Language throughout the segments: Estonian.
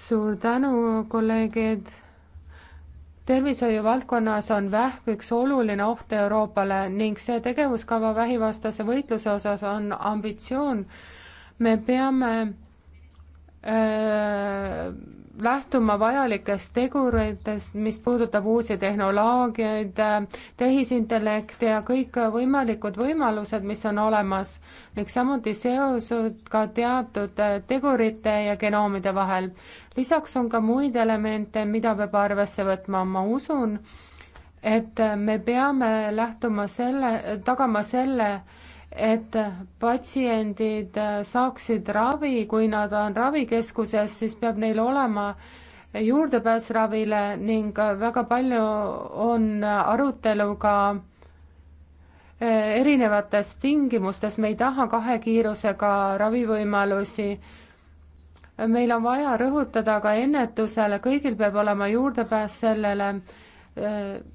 suur tänu, kolleegid. tervishoiu valdkonnas on vähk üks oluline oht Euroopale ning see tegevuskava vähivastase võitluse osas on ambitsioon. me peame öö, äh, lähtuma vajalikest teguritest, mis puudutab uusi tehnoloogiaid, tehisintellekti ja kõikvõimalikud võimalused, mis on olemas ning samuti seosed ka teatud tegurite ja genoomide vahel. lisaks on ka muid elemente, mida peab arvesse võtma, ma usun, et me peame lähtuma selle, tagama selle, et patsiendid saaksid ravi, kui nad on ravikeskuses, siis peab neil olema juurdepääs ravile ning väga palju on arutelu ka eh, erinevates tingimustes, me ei taha kahe kiirusega ravivõimalusi. meil on vaja rõhutada ka ennetusele, kõigil peab olema juurdepääs sellele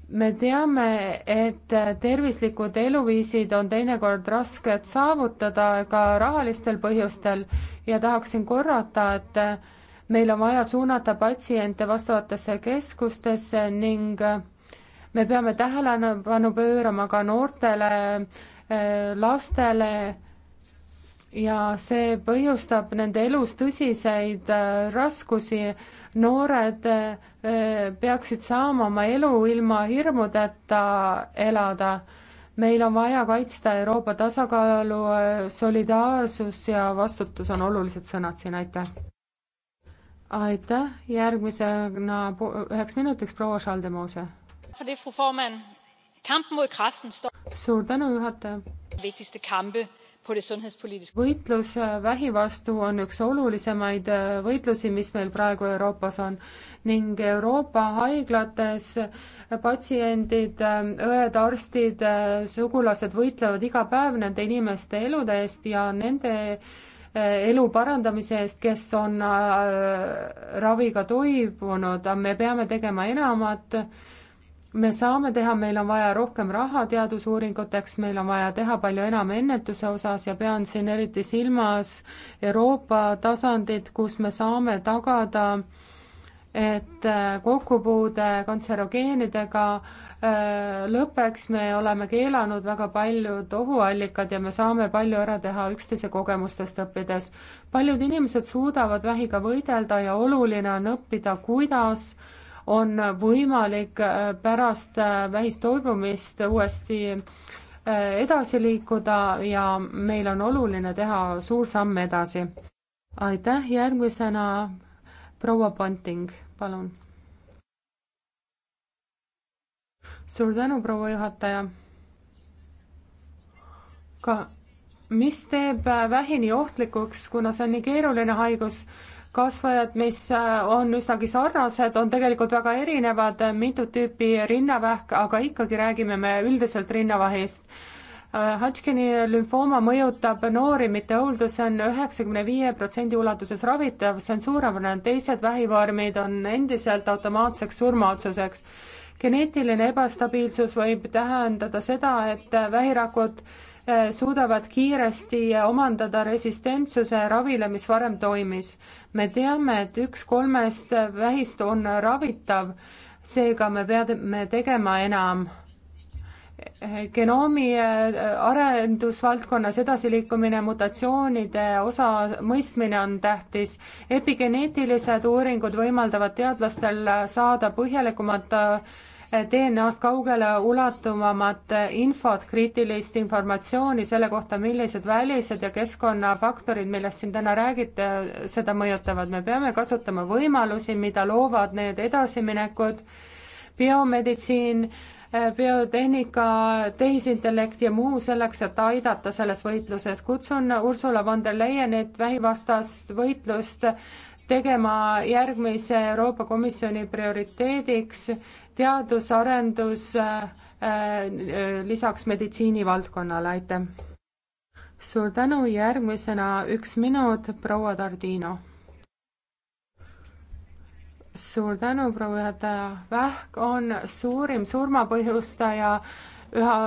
me teame, et tervislikud eluviisid on teinekord rasked saavutada ka rahalistel põhjustel ja tahaksin korrata, et meil on vaja suunata patsiente vastavatesse keskustesse ning me peame tähelepanu pöörama ka noortele, eh, lastele ja see põhjustab nende elus tõsiseid eh, raskusi. noored eh, peaksid saama oma elu ilma hirmudeta elada. meil on vaja kaitsta Euroopa tasakaalu, solidaarsus ja vastutus on olulised sõnad siin, aitäh. aitäh, järgmisena üheks minutiks proua Schaldemose. suur tänu, juhataja võitlus äh, vähi vastu on üks olulisemaid äh, võitlusi, mis meil praegu Euroopas on ning Euroopa haiglates äh, patsiendid, õed, arstid, sugulased võitlevad iga päev nende inimeste elude eest ja nende elu parandamise eest, kes on raviga toibunud, me peame tegema enamat me saame teha, meil on vaja rohkem raha teadusuuringuteks, meil on vaja teha palju enam ennetuse osas ja pean siin eriti silmas Euroopa tasandit, kus me saame tagada et äh, kokkupuude kantserogeenidega äh, lõpeks, me oleme keelanud väga paljud ohuallikad ja me saame palju ära teha üksteise kogemustest õppides. paljud inimesed suudavad vähiga võidelda ja oluline on õppida, kuidas äh, on võimalik äh, pärast äh, vähist toibumist uuesti äh, edasi liikuda ja meil on oluline teha suur samm edasi. aitäh, järgmisena proua Panting, palun. suur tänu, proua juhataja. ka mis teeb vähini ohtlikuks, kuna see on nii keeruline haigus kasvajad, mis äh, on üsnagi sarnased, on tegelikult väga erinevad, mitut tüüpi rinnavähk, aga ikkagi räägime me üldiselt rinnavahist. Äh, Hodgkini lümfooma mõjutab noori, mitte hooldus, see on üheksakümne viie protsendi ulatuses ravitav, see on suurepärane, teised vähivormid on endiselt automaatseks surmaotsuseks. geneetiline ebastabiilsus võib tähendada seda, et vähirakud äh, Äh, suudavad kiiresti omandada resistentsuse ravile, mis varem toimis. me teame, et üks kolmest vähist on ravitav, seega me peame tegema enam genoomi äh, arendusvaldkonnas edasiliikumine, mutatsioonide osa mõistmine on tähtis. epigeneetilised uuringud võimaldavad teadlastel saada põhjalikumat äh, DNA-st kaugele ulatuvamat infot, kriitilist informatsiooni selle kohta, millised välised ja keskkonnafaktorid, millest siin täna räägite, seda mõjutavad. me peame kasutama võimalusi, mida loovad need edasiminekud, biomeditsiin, biotehnika, tehisintellekt ja muu selleks, et aidata selles võitluses. kutsun Ursula von der Leyenit vähivastast võitlust tegema järgmise Euroopa Komisjoni prioriteediks teadusarendus äh, äh, lisaks meditsiinivaldkonnale, aitäh! suur tänu, järgmisena üks minut, proua Tardino. suur tänu, proua juhataja, vähk on suurim surmapõhjustaja üha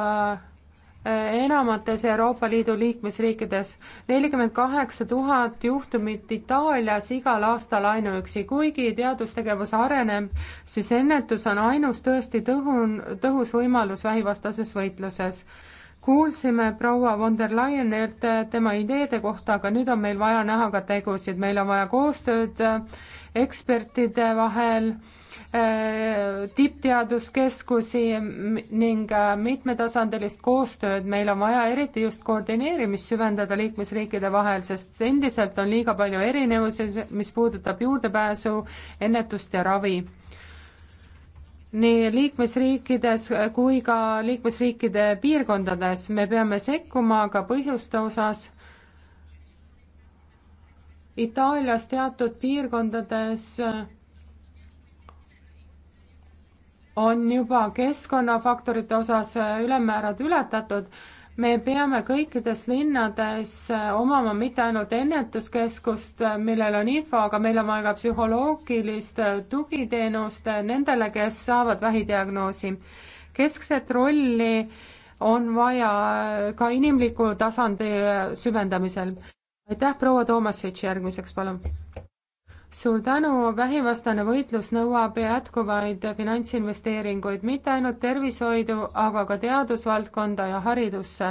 enamates Euroopa Liidu liikmesriikides. nelikümmend kaheksa tuhat juhtumit Itaalias igal aastal ainuüksi, kuigi teadustegevus areneb, siis ennetus on ainus tõesti tõhun, tõhus võimalus vähivastases võitluses. kuulsime proua von der Leyenilt tema ideede kohta, aga nüüd on meil vaja näha ka tegusid, meil on vaja koostööd äh, ekspertide vahel Äh, tippteaduskeskusi ning äh, mitmetasandilist koostööd. meil on vaja eriti just koordineerimist süvendada liikmesriikide vahel, sest endiselt on liiga palju erinevusi, mis puudutab juurdepääsu, ennetust ja ravi nii liikmesriikides kui ka liikmesriikide piirkondades me peame sekkuma ka põhjuste osas Itaalias teatud piirkondades äh, on juba keskkonnafaktorite osas äh, ülemmäärad ületatud, me peame kõikides linnades äh, omama mitte ainult ennetuskeskust, äh, millel on info, aga meil on vaja ka psühholoogilist tugiteenust nendele, kes saavad vähidiagnoosi. keskset rolli on vaja ka inimliku tasandi süvendamisel. aitäh, proua Toomasitš, järgmiseks palun suur tänu, vähivastane võitlus nõuab jätkuvaid finantsinvesteeringuid mitte ainult tervishoidu, aga ka teadusvaldkonda ja haridusse.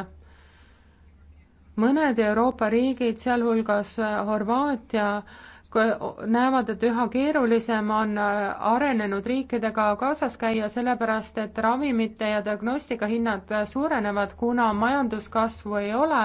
mõned Euroopa riigid, sealhulgas Horvaatia, näevad, et üha keerulisem on äh, arenenud riikidega kaasas käia, sellepärast et ravimite ja diagnostika hinnad suurenevad, kuna majanduskasvu ei ole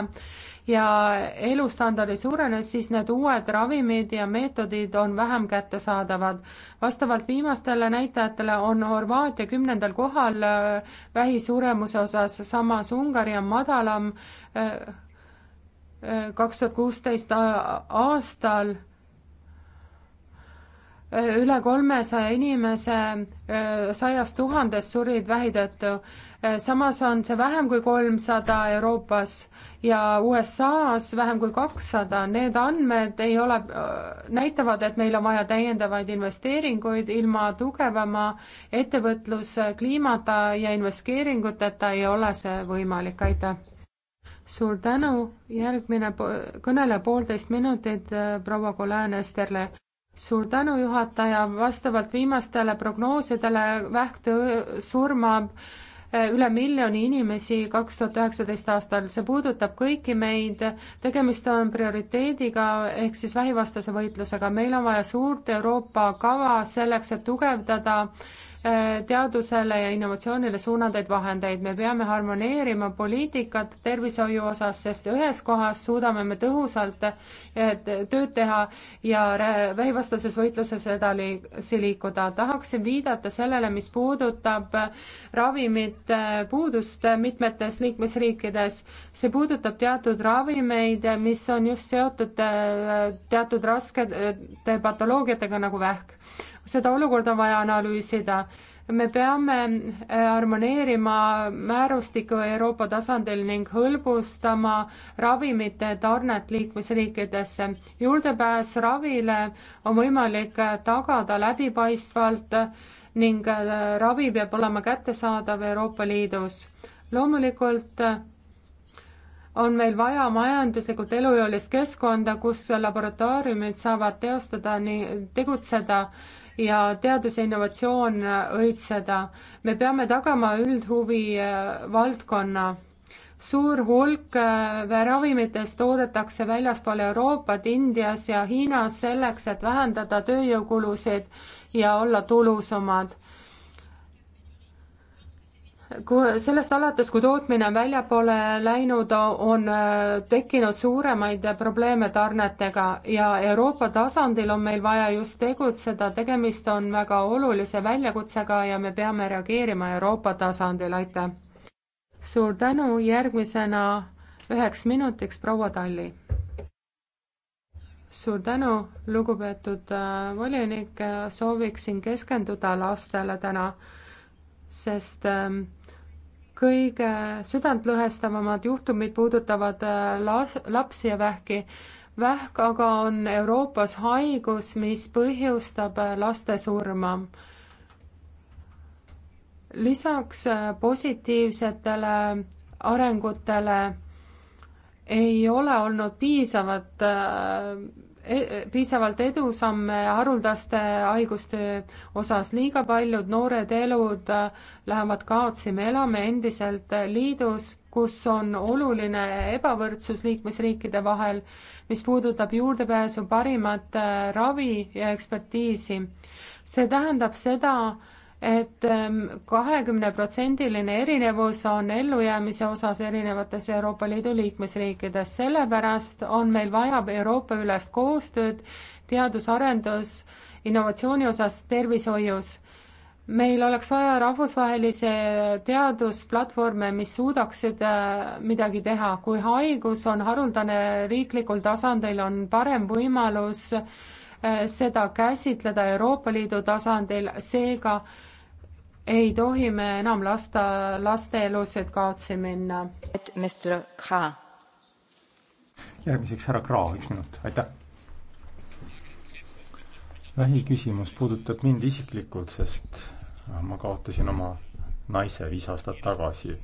ja elustandardi suurenes, siis need uued ravimid ja meetodid on vähem kättesaadavad. vastavalt viimastele näitajatele on Horvaatia kümnendal kohal äh, vähisuremuse osas, samas Ungari on madalam äh, äh, kaks tuhat kuusteist aastal üle kolmesaja inimese sajast tuhandest surid vähi tõttu Äh, samas on see vähem kui kolmsada Euroopas ja USA-s vähem kui kakssada, need andmed ei ole, äh, näitavad, et meil on vaja täiendavaid investeeringuid, ilma tugevama ettevõtluskliimata ja investeeringuteta ei ole see võimalik, aitäh. suur tänu, järgmine kõnele poolteist minutit äh, proua Kolään Esterle suur tänu, juhataja, vastavalt viimastele prognoosidele vähktõu surmab üle miljoni inimesi kaks tuhat üheksateist aastal, see puudutab kõiki meid, tegemist on prioriteediga ehk siis vähivastase võitlusega, meil on vaja suurt Euroopa kava selleks, et tugevdada teadusele ja innovatsioonile suunatud vahendeid. me peame harmoneerima poliitikat tervishoiu osas, sest ühes kohas suudame me tõhusalt eh, tööd teha ja vähivastases võitluses edasi liikuda. tahaksin viidata sellele, mis puudutab eh, ravimite eh, puudust mitmetes liikmesriikides. see puudutab teatud ravimeid, mis on just seotud teatud raskete patoloogiatega nagu vähk seda olukorda on vaja analüüsida. me peame äh, harmoneerima määrustiku Euroopa tasandil ning hõlbustama ravimite tarnet liikmesriikidesse. juurdepääs ravile on võimalik äh, tagada läbipaistvalt ning äh, ravi peab olema kättesaadav Euroopa Liidus. loomulikult on meil vaja majanduslikult elujõulist keskkonda, kus laboratooriumid saavad teostada nii, tegutseda ja teadus ja innovatsioon õitseda. me peame tagama üldhuvi äh, valdkonna. suur hulk äh, ravimitest toodetakse väljaspool Euroopat, Indias ja Hiinas selleks, et vähendada tööjõukulusid ja olla tulusamad kui sellest alates, kui tootmine on väljapoole läinud, on äh, tekkinud suuremaid probleeme tarnetega ja Euroopa tasandil on meil vaja just tegutseda, tegemist on väga olulise väljakutsega ja me peame reageerima Euroopa tasandil, aitäh. suur tänu, järgmisena üheks minutiks proua Talli suur tänu, lugupeetud äh, volinik, sooviksin keskenduda lastele täna, sest ähm, kõige südantlõhestavamad juhtumid puudutavad äh, la-, lapsi ja vähki. vähk aga on Euroopas haigus, mis põhjustab äh, laste surma. lisaks äh, positiivsetele arengutele ei ole olnud piisavat E-, e-, piisavalt edusamme haruldaste haiguste osas, liiga paljud noored elud äh, lähevad kaotsi, me elame endiselt äh, liidus, kus on oluline ebavõrdsus liikmesriikide vahel, mis puudutab juurdepääsu parimat äh, ravi ja ekspertiisi. see tähendab seda, et ähm, kahekümneprotsendiline erinevus on ellujäämise osas erinevates Euroopa Liidu liikmesriikides, sellepärast on meil vaja Euroopa-ülest koostööd teadus-arendus, innovatsiooni osas tervishoius. meil oleks vaja rahvusvahelisi teadusplatvorme, mis suudaksid äh, midagi teha, kui haigus on haruldane riiklikul tasandil, on parem võimalus äh, seda käsitleda Euroopa Liidu tasandil, seega ei tohi me enam lasta laste elusid kaotsi minna. järgmiseks härra Kraav, üks minut, aitäh. vähiküsimus puudutab mind isiklikult, sest ma kaotasin oma naise viis aastat tagasi.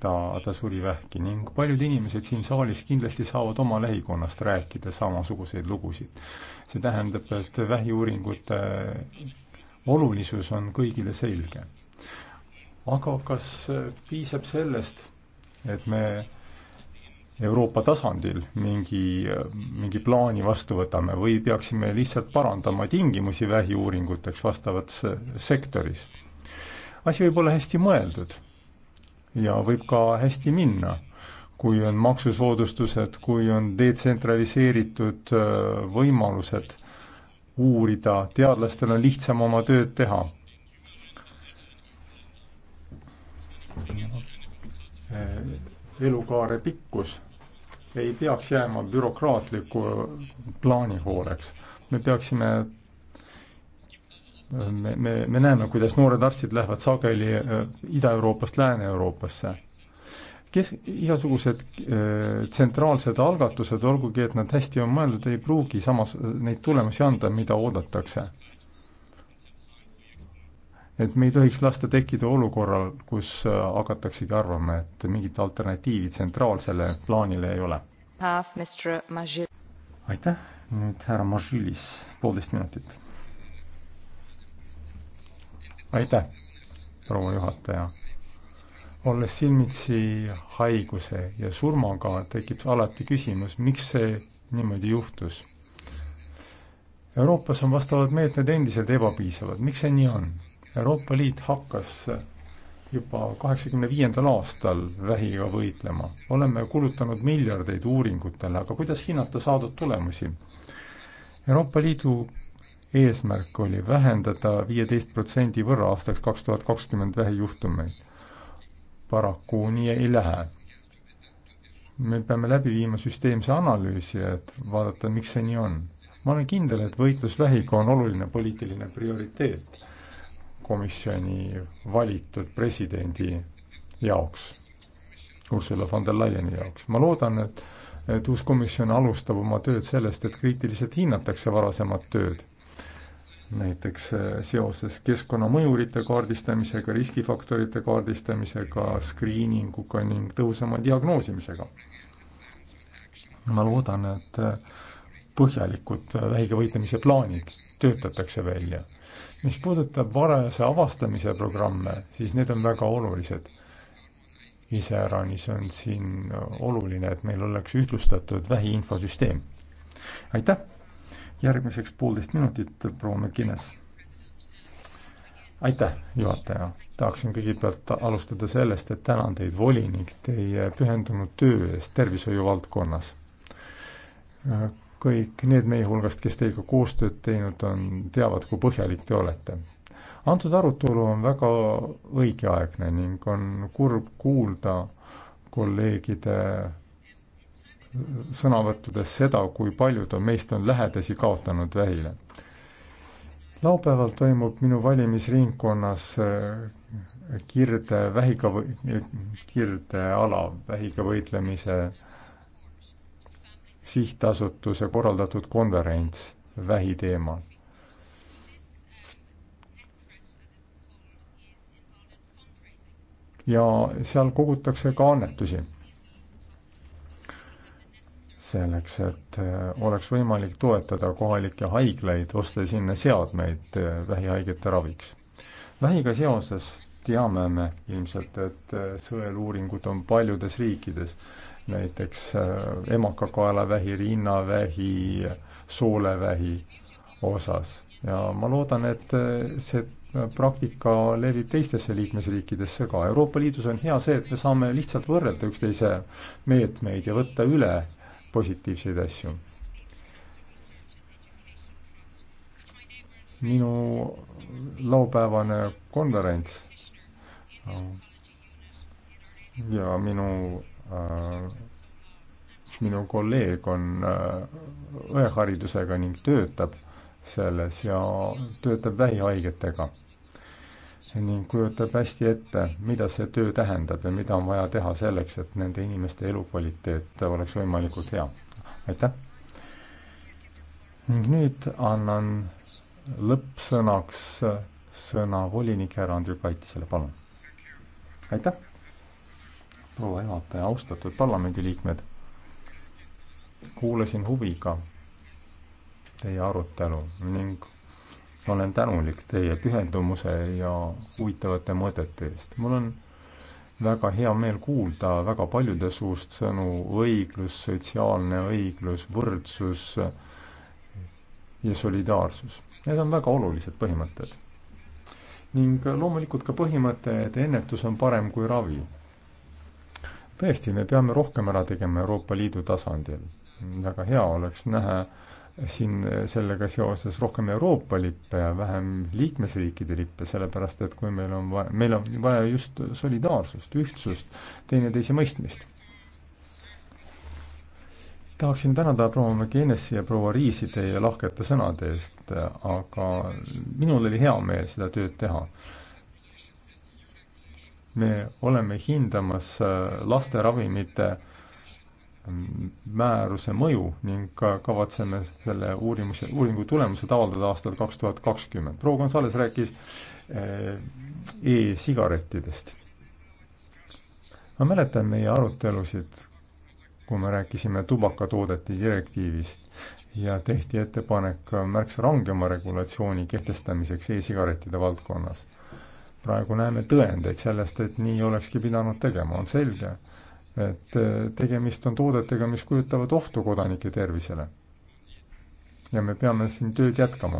ta, ta suri vähki ning paljud inimesed siin saalis kindlasti saavad oma lähikonnast rääkida samasuguseid lugusid. see tähendab, et vähiuuringute olulisus on kõigile selge. aga kas piisab sellest, et me Euroopa tasandil mingi, mingi plaani vastu võtame või peaksime lihtsalt parandama tingimusi vähiuuringuteks vastavas sektoris. asi võib olla hästi mõeldud ja võib ka hästi minna, kui on maksusoodustused, kui on detsentraliseeritud äh, võimalused uurida, teadlastel on lihtsam oma tööd teha. Eh, elukaare pikkus ei peaks jääma bürokraatliku plaani hooleks. me peaksime me, me, me näeme, kuidas noored arstid lähevad sageli eh, Ida-Euroopast Lääne-Euroopasse kes, igasugused äh, tsentraalsed algatused, olgugi et nad hästi on mõeldud, ei pruugi samas neid tulemusi anda, mida oodatakse. et me ei tohiks lasta tekkida olukorral, kus äh, hakataksegi arvama, et mingit alternatiivi tsentraalsele plaanile ei ole. aitäh, nüüd härra Mažilis, poolteist minutit. aitäh, proua juhataja olles silmitsi haiguse ja surmaga, tekib alati küsimus, miks see niimoodi juhtus. Euroopas on vastavad meetmed endiselt ebapiisavad, miks see nii on? Euroopa Liit hakkas juba kaheksakümne viiendal aastal vähiga võitlema. oleme kulutanud miljardeid uuringutele, aga kuidas hinnata saadud tulemusi? Euroopa Liidu eesmärk oli vähendada viieteist protsendi võrra aastaks kaks tuhat kakskümmend vähijuhtumeid paraku nii ei lähe. me peame läbi viima süsteemse analüüsi, et vaadata, miks see nii on. ma olen kindel, et võitlus vähiga on oluline poliitiline prioriteet komisjoni valitud presidendi jaoks, Ursula von der Leyeni jaoks. ma loodan, et et uus komisjon alustab oma tööd sellest, et kriitiliselt hinnatakse varasemat tööd näiteks äh, seoses keskkonnamõjurite kaardistamisega, riskifaktorite kaardistamisega, skriininguga ning tõhusama diagnoosimisega. ma loodan, et äh, põhjalikud äh, vähiga võitlemise plaanid töötatakse välja. mis puudutab varajase avastamise programme, siis need on väga olulised. iseäranis on siin oluline, et meil oleks ühtlustatud vähi infosüsteem. aitäh! järgmiseks poolteist minutit, proua McGuinness. aitäh, juhataja. tahaksin kõigepealt alustada sellest, et tänan teid, volinik, teie pühendunud töö eest tervishoiu valdkonnas. kõik need meie hulgast, kes teiega koostööd teinud on, teavad, kui põhjalik te olete. antud arutelu on väga õigeaegne ning on kurb kuulda kolleegide sõnavõttudes seda, kui paljud on meist on lähedasi kaotanud vähile. laupäeval toimub minu valimisringkonnas äh, kirde vähiga või-, kirdeala vähiga võitlemise sihtasutuse korraldatud konverents vähi teemal. ja seal kogutakse ka annetusi selleks, et äh, oleks võimalik toetada kohalikke haiglaid, osta sinna seadmeid äh, vähihaigete raviks. vähiga seoses teame me ilmselt, et äh, sõeluuringud on paljudes riikides, näiteks emakakaelavähi, rinnavähi, soolevähi osas ja ma loodan, et see praktika levib teistesse liikmesriikidesse ka. Euroopa Liidus on hea see, et me saame lihtsalt võrrelda üksteise meetmeid ja võtta üle positiivseid asju. minu laupäevane konverents ja minu äh, minu kolleeg on äh, õeharidusega ning töötab selles ja töötab vähihaigetega ning kujutab hästi ette, mida see töö tähendab ja mida on vaja teha selleks, et nende inimeste elukvaliteet oleks võimalikult hea. aitäh! ning nüüd annan lõppsõnaks sõna volinik härra Andrei Kaitsele, palun. aitäh! proua juhataja, austatud parlamendiliikmed, kuulasin huviga teie arutelu ning olen tänulik teie pühendumuse ja huvitavate mõtete eest. mul on väga hea meel kuulda väga paljude suust sõnu õiglus, sotsiaalne õiglus, võrdsus ja solidaarsus. Need on väga olulised põhimõtted. ning loomulikult ka põhimõte, et ennetus on parem kui ravi. tõesti, me peame rohkem ära tegema Euroopa Liidu tasandil. väga hea oleks näha siin eh, sellega seoses rohkem Euroopa lippe ja vähem liikmesriikide lippe, sellepärast et kui meil on vaja, meil on vaja just solidaarsust, ühtsust, teineteise mõistmist. tahaksin tänada proua McGinnissi ja proua Riisi teie lahkete sõnade eest, aga minul oli hea meel seda tööd teha me oleme hindamas eh, laste ravimite äh, määruse mõju ning kavatseme selle uurimuse, uuringu tulemused avaldada aastal kaks tuhat kakskümmend. proua Gonzales rääkis eh, e-sigarettidest. ma mäletan meie arutelusid, kui me rääkisime tubakatoodete direktiivist ja tehti ettepanek märksa rangema regulatsiooni kehtestamiseks e-sigarettide valdkonnas. praegu näeme tõendeid sellest, et nii olekski pidanud tegema, on selge, et äh, tegemist on toodetega, mis kujutavad ohtu kodanike tervisele. ja me peame siin tööd jätkama.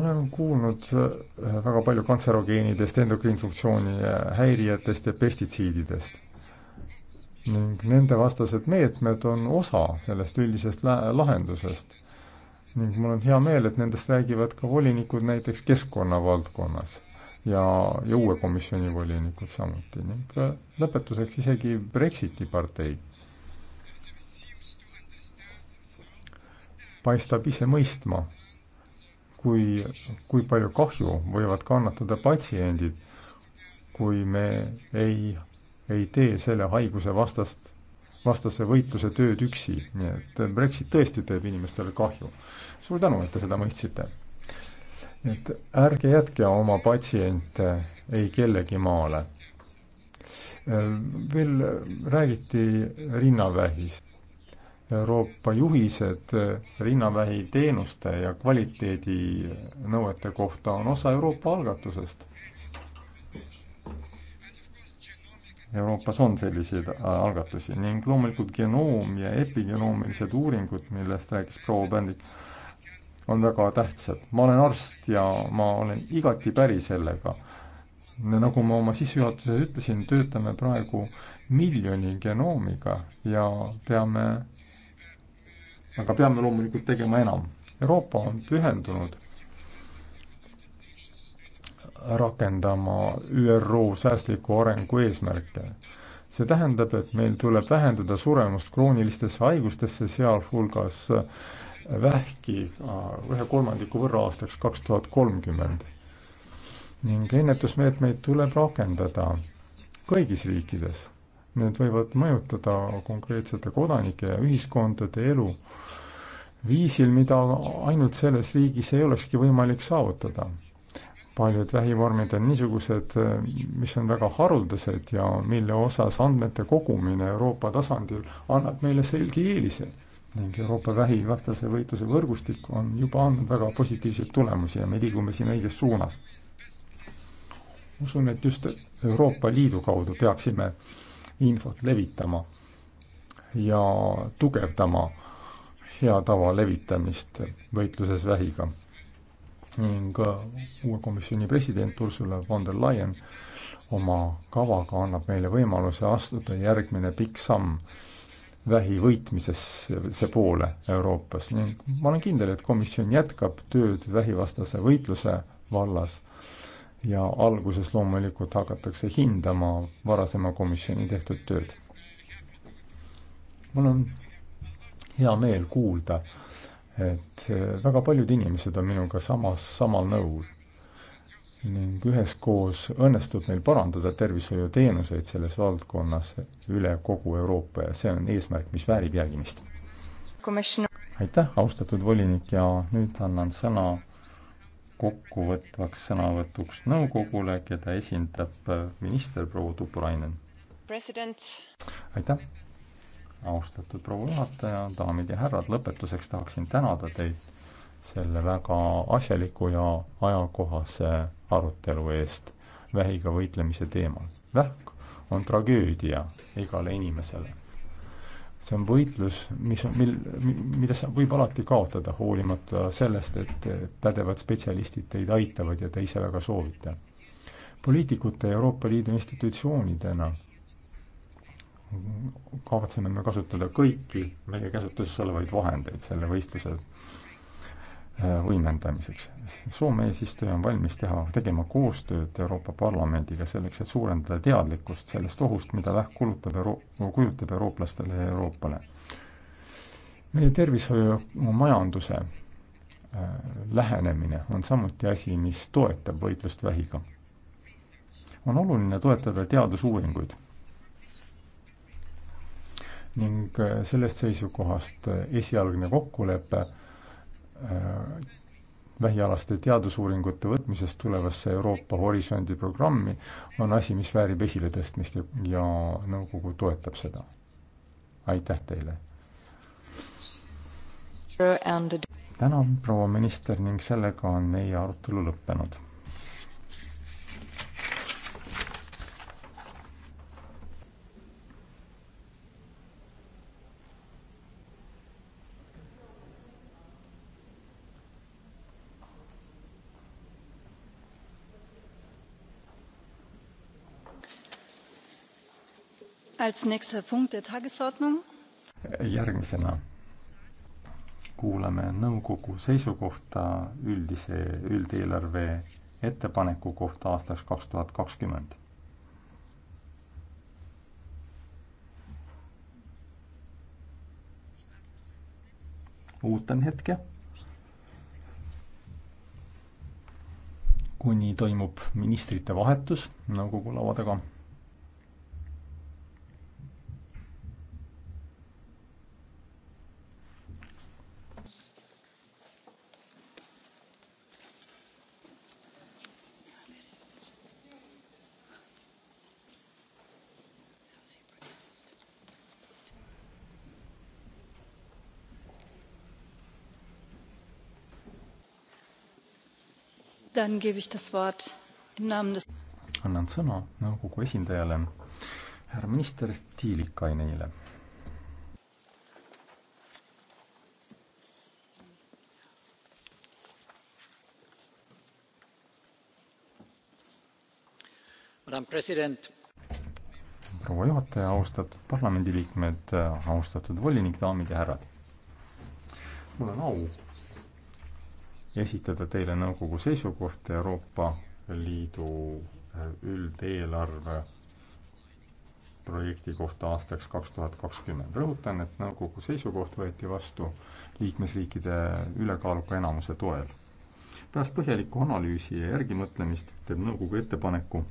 olen kuulnud äh, väga palju kantserogeenidest, endokriinfunktsiooni äh, häirijatest ja pestitsiididest ning nende vastased meetmed on osa sellest üldisest lahendusest. ning mul on hea meel, et nendest räägivad ka volinikud näiteks keskkonna valdkonnas ja, ja uue komisjoni volinikud samuti ning äh, lõpetuseks isegi Brexiti partei paistab ise mõistma, kui, kui palju kahju võivad kannatada patsiendid, kui me ei, ei tee selle haiguse vastast, vastase võitluse tööd üksi, nii et Brexit tõesti teeb inimestele kahju. suur tänu, et te seda mõistsite et ärge jätke oma patsiente ei kellegi maale. veel räägiti rinnavähist. Euroopa juhised rinnavähi teenuste ja kvaliteedinõuete kohta on osa Euroopa algatusest. Euroopas on selliseid algatusi ning loomulikult genoom ja epigenoomilised uuringud, millest rääkis proua Bändik on väga tähtsad. ma olen arst ja ma olen igati päri sellega. nagu ma oma sissejuhatuses ütlesin, töötame praegu miljoni genoomiga ja peame, aga peame loomulikult tegema enam. Euroopa on pühendunud rakendama ÜRO säästliku arengu eesmärke. see tähendab, et meil tuleb vähendada suremust kroonilistesse haigustesse, sealhulgas vähki ühe kolmandiku võrra aastaks kaks tuhat kolmkümmend. ning ennetusmeetmeid tuleb rakendada kõigis riikides. Need võivad mõjutada konkreetsete kodanike ja ühiskondade elu viisil, mida ainult selles riigis ei olekski võimalik saavutada. paljud vähivormid on niisugused, mis on väga haruldased ja mille osas andmete kogumine Euroopa tasandil annab meile selge eelise ning Euroopa vähivastase võitluse võrgustik on juba andnud väga positiivseid tulemusi ja me liigume siin õiges suunas. usun, et just Euroopa Liidu kaudu peaksime infot levitama ja tugevdama hea tava levitamist võitluses vähiga. ning äh, uue komisjoni president Ursula von der Leyen oma kavaga annab meile võimaluse astuda järgmine pikk samm vähi võitmisesse poole Euroopas ning ma olen kindel, et komisjon jätkab tööd vähivastase võitluse vallas ja alguses loomulikult hakatakse hindama varasema komisjoni tehtud tööd. mul on hea meel kuulda, et väga paljud inimesed on minuga samas, samal nõul ning üheskoos õnnestub meil parandada tervishoiuteenuseid selles valdkonnas üle kogu Euroopa ja see on eesmärk, mis väärib jälgimist. aitäh, austatud volinik, ja nüüd annan sõna kokkuvõtvaks sõnavõtuks nõukogule, keda esindab minister proua Tuppurainen. aitäh, austatud proua juhataja, daamid ja härrad, lõpetuseks tahaksin tänada teid selle väga asjaliku ja ajakohase arutelu eest vähiga võitlemise teemal. vähk on tragöödia igale inimesele. see on võitlus, mis, mil, milles võib alati kaotada, hoolimata sellest, et pädevad spetsialistid teid aitavad ja te ise väga soovite. poliitikute Euroopa Liidu institutsioonidena kavatseme me kasutada kõiki meie käsutuses olevaid vahendeid selle võistluse Äh, võimendamiseks. Soome eesistuja on valmis teha, tegema koostööd Euroopa Parlamendiga selleks, et suurendada teadlikkust sellest ohust, mida vähk kulutab euro-, kujutab eurooplastele ja Euroopale. meie tervishoiu ja majanduse äh, lähenemine on samuti asi, mis toetab võitlust vähiga. on oluline toetada teadusuuringuid ning äh, sellest seisukohast esialgne kokkulepe vähialaste äh, teadusuuringute võtmisest tulevasse Euroopa Horisondi programmi on asi, mis väärib esiletõstmist ja, ja nõukogu toetab seda. aitäh teile! tänan, proua minister, ning sellega on meie arutelu lõppenud järgmisena kuulame nõukogu seisukohta üldise, üldeelarve ettepaneku kohta aastaks kaks tuhat kakskümmend. ootan hetke, kuni toimub ministrite vahetus nõukogu laua taga annan sõna nõukogu esindajale, härra minister Tiilikainenile. proua juhataja, austatud parlamendiliikmed, austatud volinik, daamid ja härrad. mul on au esitada teile nõukogu seisukoht Euroopa Liidu äh, üldeelarve projekti kohta aastaks kaks tuhat kakskümmend. rõhutan, et nõukogu seisukoht võeti vastu liikmesriikide ülekaaluka enamuse toel. pärast põhjalikku analüüsi ja järgimõtlemist teeb nõukogu ettepaneku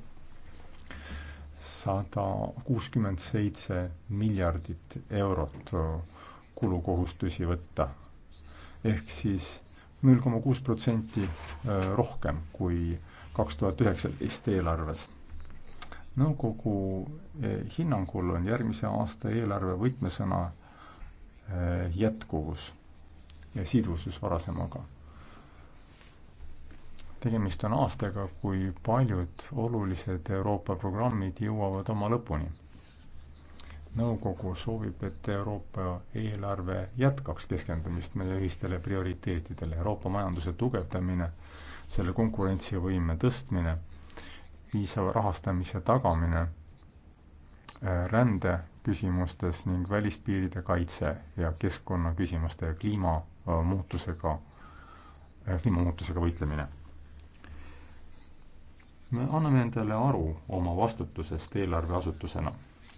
sada kuuskümmend seitse miljardit eurot kulukohustusi võtta. ehk siis null koma kuus protsenti äh, rohkem kui kaks tuhat üheksateist eelarves. nõukogu äh, hinnangul on järgmise aasta eelarve võtmesõna äh, jätkuvus ja sidusus varasemaga. tegemist on aastaga, kui paljud olulised Euroopa programmid jõuavad oma lõpuni nõukogu soovib, et Euroopa eelarve jätkaks keskendumist meie ühistele prioriteetidele, Euroopa majanduse tugevdamine, selle konkurentsivõime tõstmine, piisava rahastamise tagamine äh, rände küsimustes ning välispiiride kaitse ja keskkonnaküsimuste ja kliimamuutusega, äh, äh, kliimamuutusega võitlemine. me anname endale aru oma vastutusest eelarveasutusena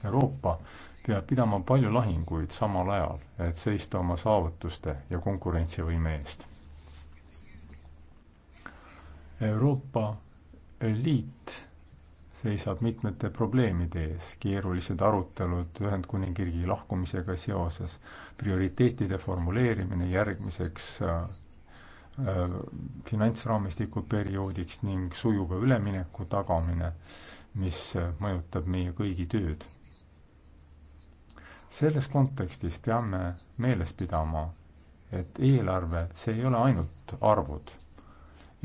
Euroopa peab pidama palju lahinguid samal ajal, et seista oma saavutuste ja konkurentsivõime eest. Euroopa Liit seisab mitmete probleemide ees, keerulised arutelud Ühendkuningriigi lahkumisega seoses, prioriteetide formuleerimine järgmiseks äh, äh, finantsraamistiku perioodiks ning sujuva ülemineku tagamine, mis äh, mõjutab meie kõigi tööd selles kontekstis peame meeles pidama, et eelarve, see ei ole ainult arvud.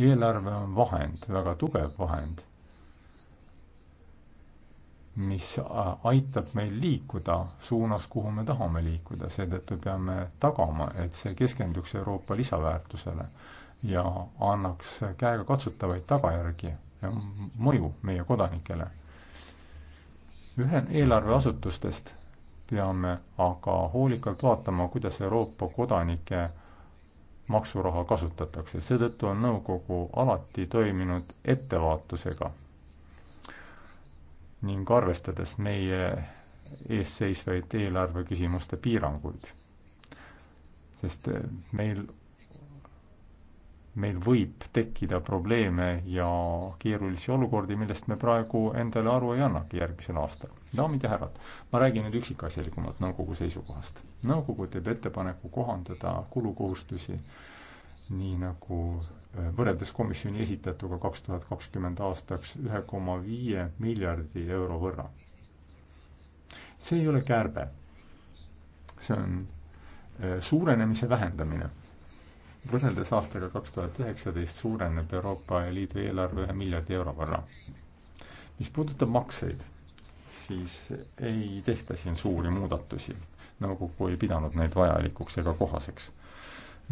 eelarve on vahend, väga tugev vahend, mis aitab meil liikuda suunas, kuhu me tahame liikuda, seetõttu peame tagama, et see keskenduks Euroopa lisaväärtusele ja annaks käegakatsutavaid tagajärgi ja mõju meie kodanikele. ühe eelarveasutustest peame aga hoolikalt vaatama, kuidas Euroopa kodanike maksuraha kasutatakse, seetõttu on nõukogu alati toiminud ettevaatusega ning arvestades meie eesseisvaid eelarveküsimuste piiranguid. sest meil meil võib tekkida probleeme ja keerulisi olukordi, millest me praegu endale aru ei annagi järgmisel aastal. daamid ja härrad, ma räägin nüüd üksikasjalikumalt nõukogu seisukohast. nõukogu teeb ettepaneku kohandada kulukohustusi nii nagu äh, võrreldes komisjoni esitatuga kaks tuhat kakskümmend aastaks ühe koma viie miljardi euro võrra. see ei ole kärbe. see on äh, suurenemise vähendamine võrreldes aastaga kaks tuhat üheksateist suureneb Euroopa Liidu eelarve ühe miljardi euro võrra. mis puudutab makseid, siis ei tehta siin suuri muudatusi. nõukogu ei pidanud neid vajalikuks ega kohaseks.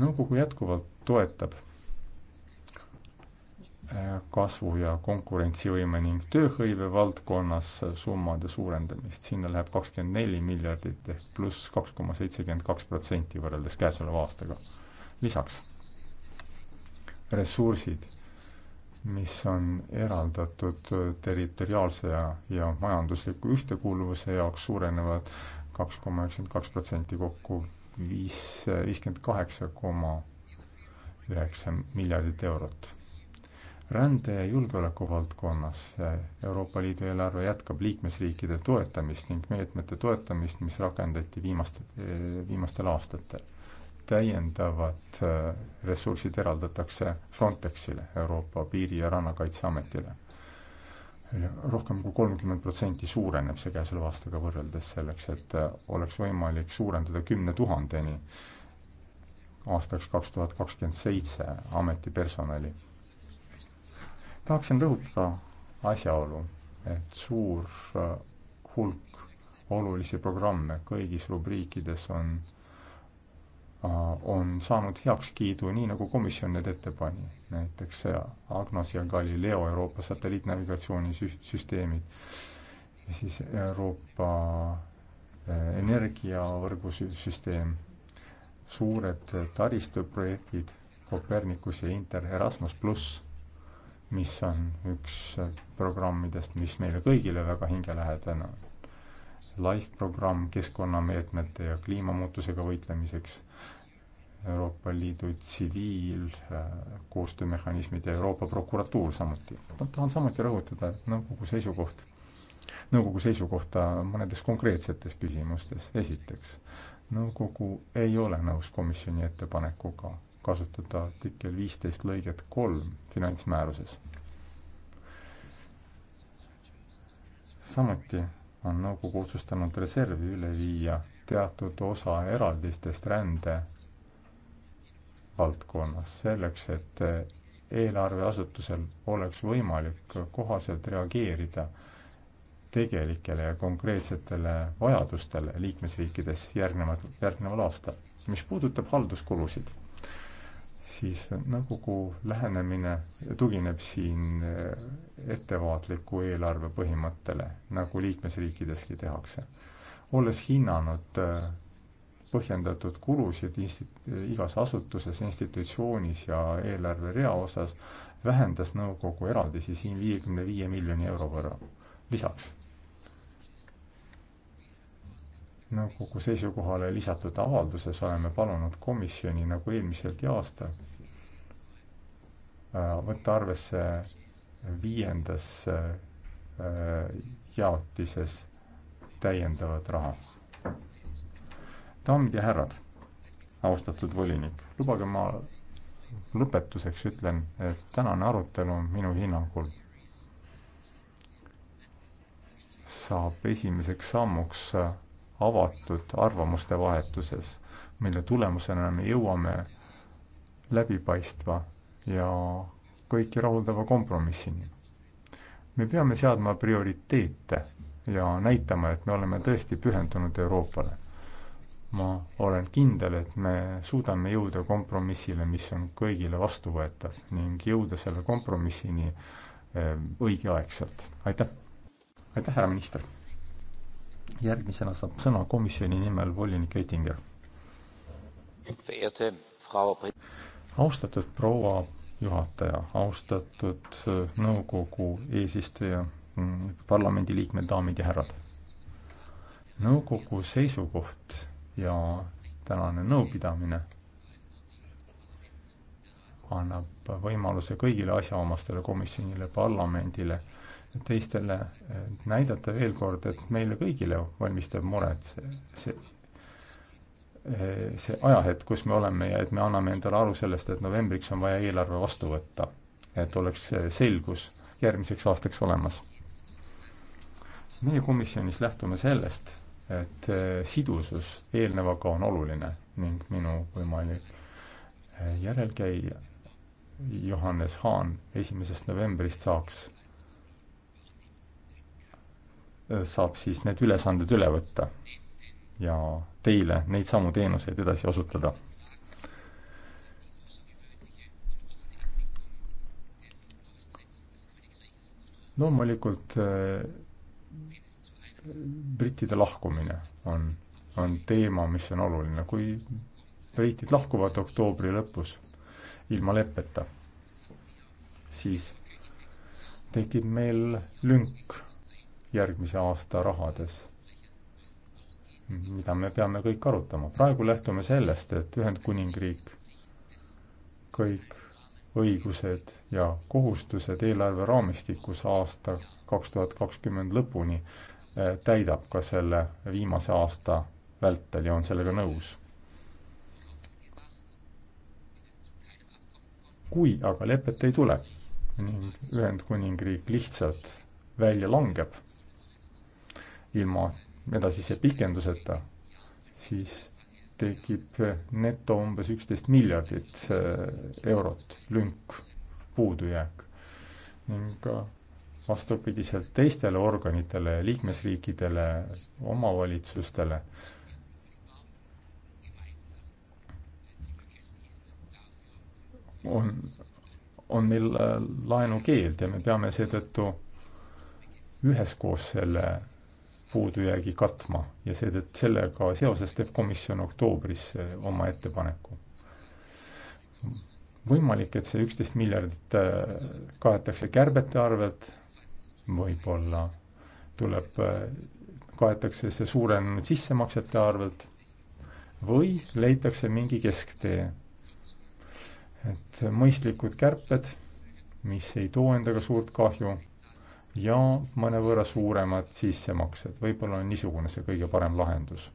nõukogu jätkuvalt toetab äh, kasvu ja konkurentsivõime ning tööhõive valdkonnas summade suurendamist, sinna läheb kakskümmend neli miljardit ehk pluss kaks koma seitsekümmend kaks protsenti võrreldes käesoleva aastaga lisaks ressursid, mis on eraldatud territoriaalse ja, ja majandusliku ühtekuuluvuse jaoks, suurenevad kaks koma üheksakümmend kaks protsenti kokku viis, viiskümmend kaheksa koma üheksa miljardit eurot rände ja julgeoleku valdkonnas Euroopa Liidu eelarve jätkab liikmesriikide toetamist ning meetmete toetamist, mis rakendati viimaste, viimastel aastatel täiendavad äh, ressursid eraldatakse Frontexile, Euroopa Piiri- ja Rannakaitseametile. rohkem kui kolmkümmend protsenti suureneb see käesoleva aastaga võrreldes selleks, et äh, oleks võimalik suurendada kümne tuhandeni aastaks kaks tuhat kakskümmend seitse ametipersonali. tahaksin rõhutada asjaolu, et suur äh, hulk olulisi programme kõigis rubriikides on Äh, on saanud heakskiidu, nii nagu komisjon need ette pani. näiteks äh, Agnos ja Galileo Euroopa satelliitnavigatsioonisüsteemid, siis Euroopa äh, energiavõrgusüsteem, suured taristuprojektid, Copernicus ja Inter Erasmus pluss, mis on üks programmidest, mis meile kõigile väga hingelähedane on LIFE programm keskkonnameetmete ja kliimamuutusega võitlemiseks, Euroopa Liidu tsiviilkoostöömehhanismid äh, ja Euroopa Prokuratuur samuti. tahan samuti rõhutada, et nõukogu seisukoht, nõukogu seisukohta mõnedes konkreetsetes küsimustes. esiteks, nõukogu ei ole nõus komisjoni ettepanekuga kasutada artikkel viisteist lõiget kolm finantsmääruses. samuti on nõukogu otsustanud reservi üle viia teatud osa eraldistest rände valdkonnas selleks, et eelarveasutusel oleks võimalik kohaselt reageerida tegelikele ja konkreetsetele vajadustele liikmesriikides järgnevat, järgneval aastal. mis puudutab halduskulusid siis nõukogu nagu lähenemine tugineb siin eh, ettevaatliku eelarve põhimõttele, nagu liikmesriikideski tehakse. olles hinnanud eh, põhjendatud kulusid insti-, eh, igas asutuses, institutsioonis ja eelarverea osas, vähendas nõukogu eraldisi siin viiekümne viie miljoni euro võrra lisaks nõukogu seisukohale lisatud avalduses oleme palunud komisjoni nagu eelmiselgi aastal äh, võtta arvesse viiendas äh, jaotises täiendavat raha. daamid ja härrad, austatud volinik, lubage ma lõpetuseks ütlen, et tänane arutelu minu hinnangul saab esimeseks sammuks avatud arvamuste vahetuses, mille tulemusena me jõuame läbipaistva ja kõiki rahuldava kompromissini. me peame seadma prioriteete ja näitama, et me oleme tõesti pühendunud Euroopale. ma olen kindel, et me suudame jõuda kompromissile, mis on kõigile vastuvõetav ning jõuda selle kompromissini eh, õigeaegselt. aitäh! aitäh, härra minister! järgmisena saab sõna komisjoni nimel volinik Oettinger. austatud proua juhataja, austatud äh, nõukogu eesistuja, mm, parlamendiliikmed, daamid ja härrad. nõukogu seisukoht ja tänane nõupidamine annab võimaluse kõigile asjaomastele komisjonile, parlamendile teistele, et eh, näidata veel kord, et meile kõigile valmistab muret see, eh, see ajahetk, kus me oleme ja et me anname endale aru sellest, et novembriks on vaja eelarve vastu võtta. et oleks eh, selgus järgmiseks aastaks olemas. meie komisjonis lähtume sellest, et sidusus eelnevaga on oluline ning minu võimalik järelkäija Johannes Haan esimesest novembrist saaks Äh, saab siis need ülesanded üle võtta ja teile neid samu teenuseid edasi osutada. loomulikult äh, brittide lahkumine on, on teema, mis on oluline, kui britid lahkuvad oktoobri lõpus ilma leppeta, siis tekib meil lünk järgmise aasta rahades, mida me peame kõik arutama. praegu lähtume sellest, et Ühendkuningriik kõik õigused ja kohustused eelarveraamistikus aasta kaks tuhat kakskümmend lõpuni eh, täidab ka selle viimase aasta vältel ja on sellega nõus. kui aga lepet ei tule ning Ühendkuningriik lihtsalt välja langeb ilma edasise pikenduseta, siis tekib neto umbes üksteist miljardit äh, eurot lünk, puudujääk. ning vastupidiselt teistele organitele ja liikmesriikidele, omavalitsustele, on, on meil äh, laenukeeld ja me peame seetõttu üheskoos selle puudujäägi katma ja seetõttu sellega seoses teeb komisjon oktoobris eh, oma ettepaneku. võimalik, et see üksteist miljardit eh, kaetakse kärbete arvelt, võib-olla tuleb, eh, kaetakse see suurenenud sissemaksete arvelt või leitakse mingi kesktee. et mõistlikud kärped, mis ei too endaga suurt kahju ja mõnevõrra suuremad sissemaksed. võib-olla on niisugune see kõige parem lahendus.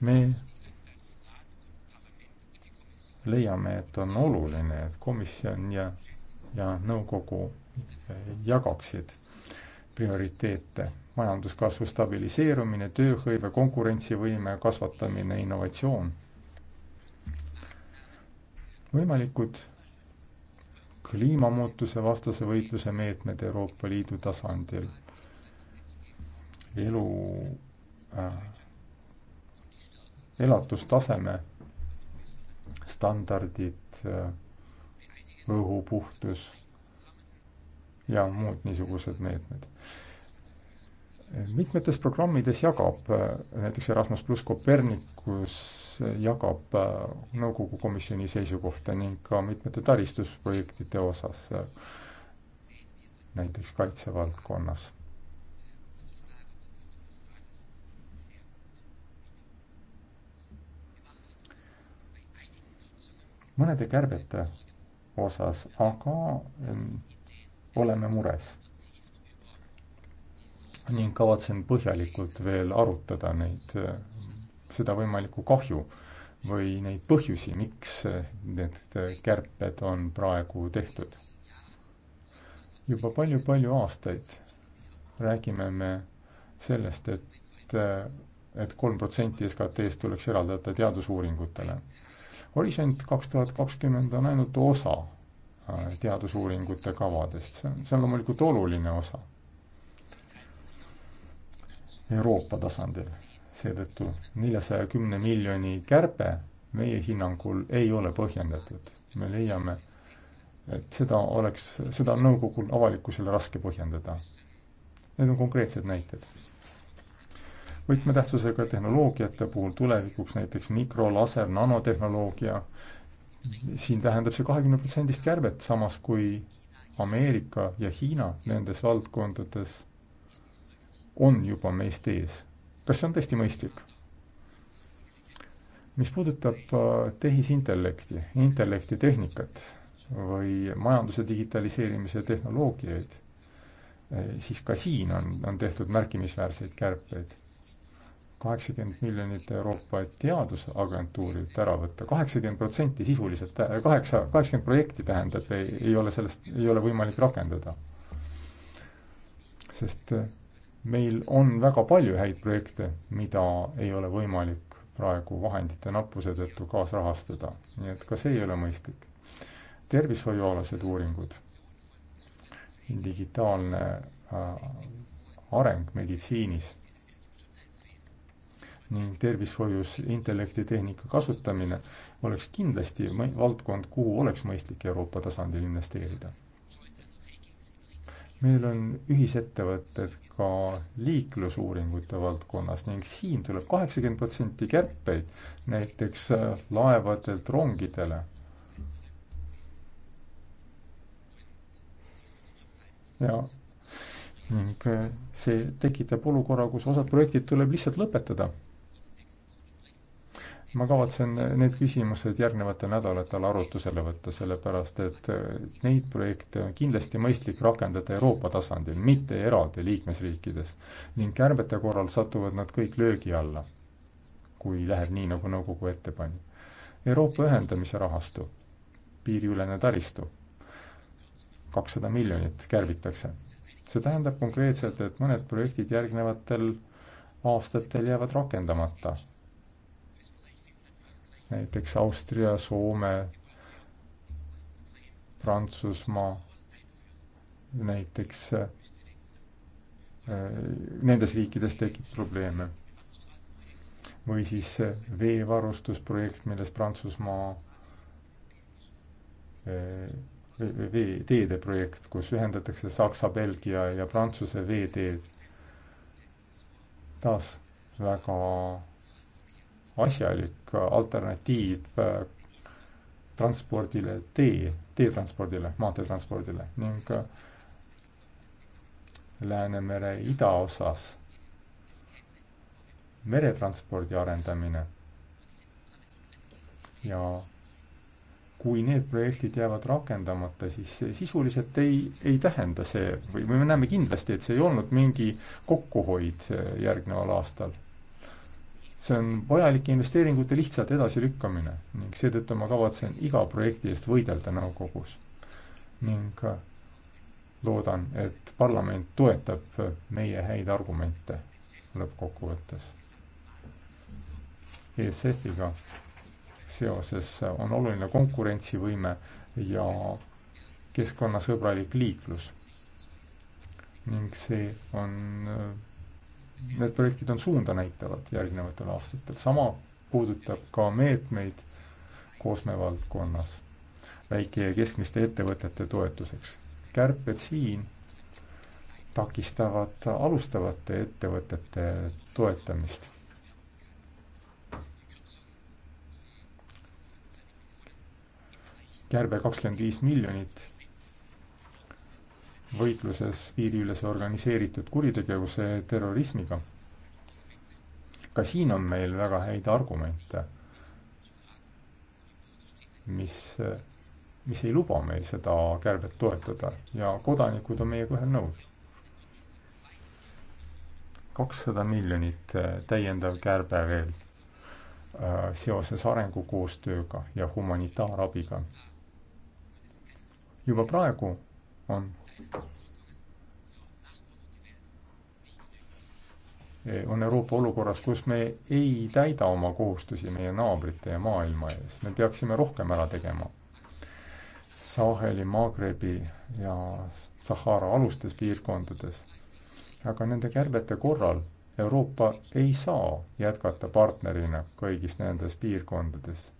me leiame, et on oluline, et komisjon ja, ja nõukogu jagaksid prioriteete. majanduskasvu stabiliseerumine, tööhõive, konkurentsivõime kasvatamine, innovatsioon. võimalikud kliimamuutuse vastase võitluse meetmed Euroopa Liidu tasandil, elu äh,, elatustaseme standardid äh,, õhu puhtus ja muud niisugused meetmed. mitmetes programmides jagab äh, näiteks Erasmus pluss Copernicus jagab äh, nõukogu komisjoni seisukohta ning ka mitmete taristusprojektide osas, äh, näiteks kaitsevaldkonnas. mõnede kärbete osas, aga ähm, oleme mures ning kavatsen põhjalikult veel arutada neid äh, seda võimalikku kahju või neid põhjusi, miks need kärped on praegu tehtud. juba palju-palju aastaid räägime me sellest et, et, et kolm protsenti SKT-st tuleks eraldada teadusuuringutele. horisont kaks tuhat kakskümmend on ainult osa äh, teadusuuringute kavadest, see on, see on loomulikult oluline osa Euroopa tasandil seetõttu neljasaja kümne miljoni kärpe meie hinnangul ei ole põhjendatud. me leiame, et seda oleks, seda on nõukogul avalikkusele raske põhjendada. Need on konkreetsed näited. võtmetähtsusega tehnoloogiate puhul tulevikuks näiteks mikrolaser, nanotehnoloogia, siin tähendab see kahekümneprotsendist kärbet, samas kui Ameerika ja Hiina nendes valdkondades on juba meist ees kas see on tõesti mõistlik? mis puudutab äh, tehisintellekti, intellektitehnikat või majanduse digitaliseerimise tehnoloogiaid, eh, siis ka siin on, on tehtud märkimisväärseid kärpeid. kaheksakümmend miljonit Euroopa Teadusagentuurilt ära võtta, kaheksakümmend protsenti sisuliselt, eh, kaheksa, kaheksakümmend projekti tähendab, ei ole sellest, ei ole võimalik rakendada. sest eh, meil on väga palju häid projekte, mida ei ole võimalik praegu vahendite nappuse tõttu kaasrahastada, nii et ka see ei ole mõistlik. tervishoiualased uuringud, digitaalne äh, areng meditsiinis ning tervishoius intellektitehnika kasutamine oleks kindlasti valdkond, kuhu oleks mõistlik Euroopa tasandil investeerida meil on ühisettevõtted ka liiklusuuringute valdkonnas ning siin tuleb kaheksakümmend protsenti kärpeid, näiteks äh, laevadelt rongidele. ja ning äh, see tekitab olukorra, kus osad projektid tuleb lihtsalt lõpetada ma kavatsen need küsimused järgnevatel nädalatel arutusele võtta, sellepärast et äh, neid projekte on kindlasti mõistlik rakendada Euroopa tasandil, mitte eraldi liikmesriikides. ning kärbete korral satuvad nad kõik löögi alla, kui läheb nii, nagu nõukogu ette pani. Euroopa ühendamise rahastu, piiriülene taristu, kakssada miljonit kärbitakse. see tähendab konkreetselt, et mõned projektid järgnevatel aastatel jäävad rakendamata näiteks Austria, Soome, Prantsusmaa, näiteks äh, nendes riikides tekib probleeme. või siis äh, veevarustusprojekt, milles Prantsusmaa äh, vee, teede projekt, kus ühendatakse Saksa, Belgia ja Prantsuse veeteed. taas väga asjalik äh, alternatiiv äh, transpordile tee, teetranspordile, maanteetranspordile ning äh, Läänemere idaosas meretranspordi arendamine. ja kui need projektid jäävad rakendamata, siis sisuliselt ei, ei tähenda see või me näeme kindlasti, et see ei olnud mingi kokkuhoid järgneval aastal see on vajalike investeeringute lihtsalt edasilükkamine ning seetõttu ma kavatsen iga projekti eest võidelda nõukogus. ning äh, loodan, et parlament toetab äh, meie häid argumente lõppkokkuvõttes. ESF-iga seoses äh, on oluline konkurentsivõime ja keskkonnasõbralik liiklus. ning see on need projektid on suunda näitavad järgnevatel aastatel. sama puudutab ka meetmeid koosmevaldkonnas väike- ja keskmiste ettevõtete toetuseks. kärped siin takistavad alustavate ettevõtete toetamist. kärbe kakskümmend viis miljonit võitluses piiriülese organiseeritud kuritegevuse ja terrorismiga. ka siin on meil väga häid argumente, mis, mis ei luba meil seda kärbet toetada ja kodanikud on meiega ühel nõul. kakssada miljonit täiendav kärbe veel äh, seoses arengukoostööga ja humanitaarabiga. juba praegu on Eh, on Euroopa olukorras, kus me ei täida oma kohustusi meie naabrite ja maailma ees. me peaksime rohkem ära tegema. Saheli, Maagrebi ja Sahara alustes piirkondades. aga nende kärbete korral Euroopa ei saa jätkata partnerina kõigis nendes piirkondades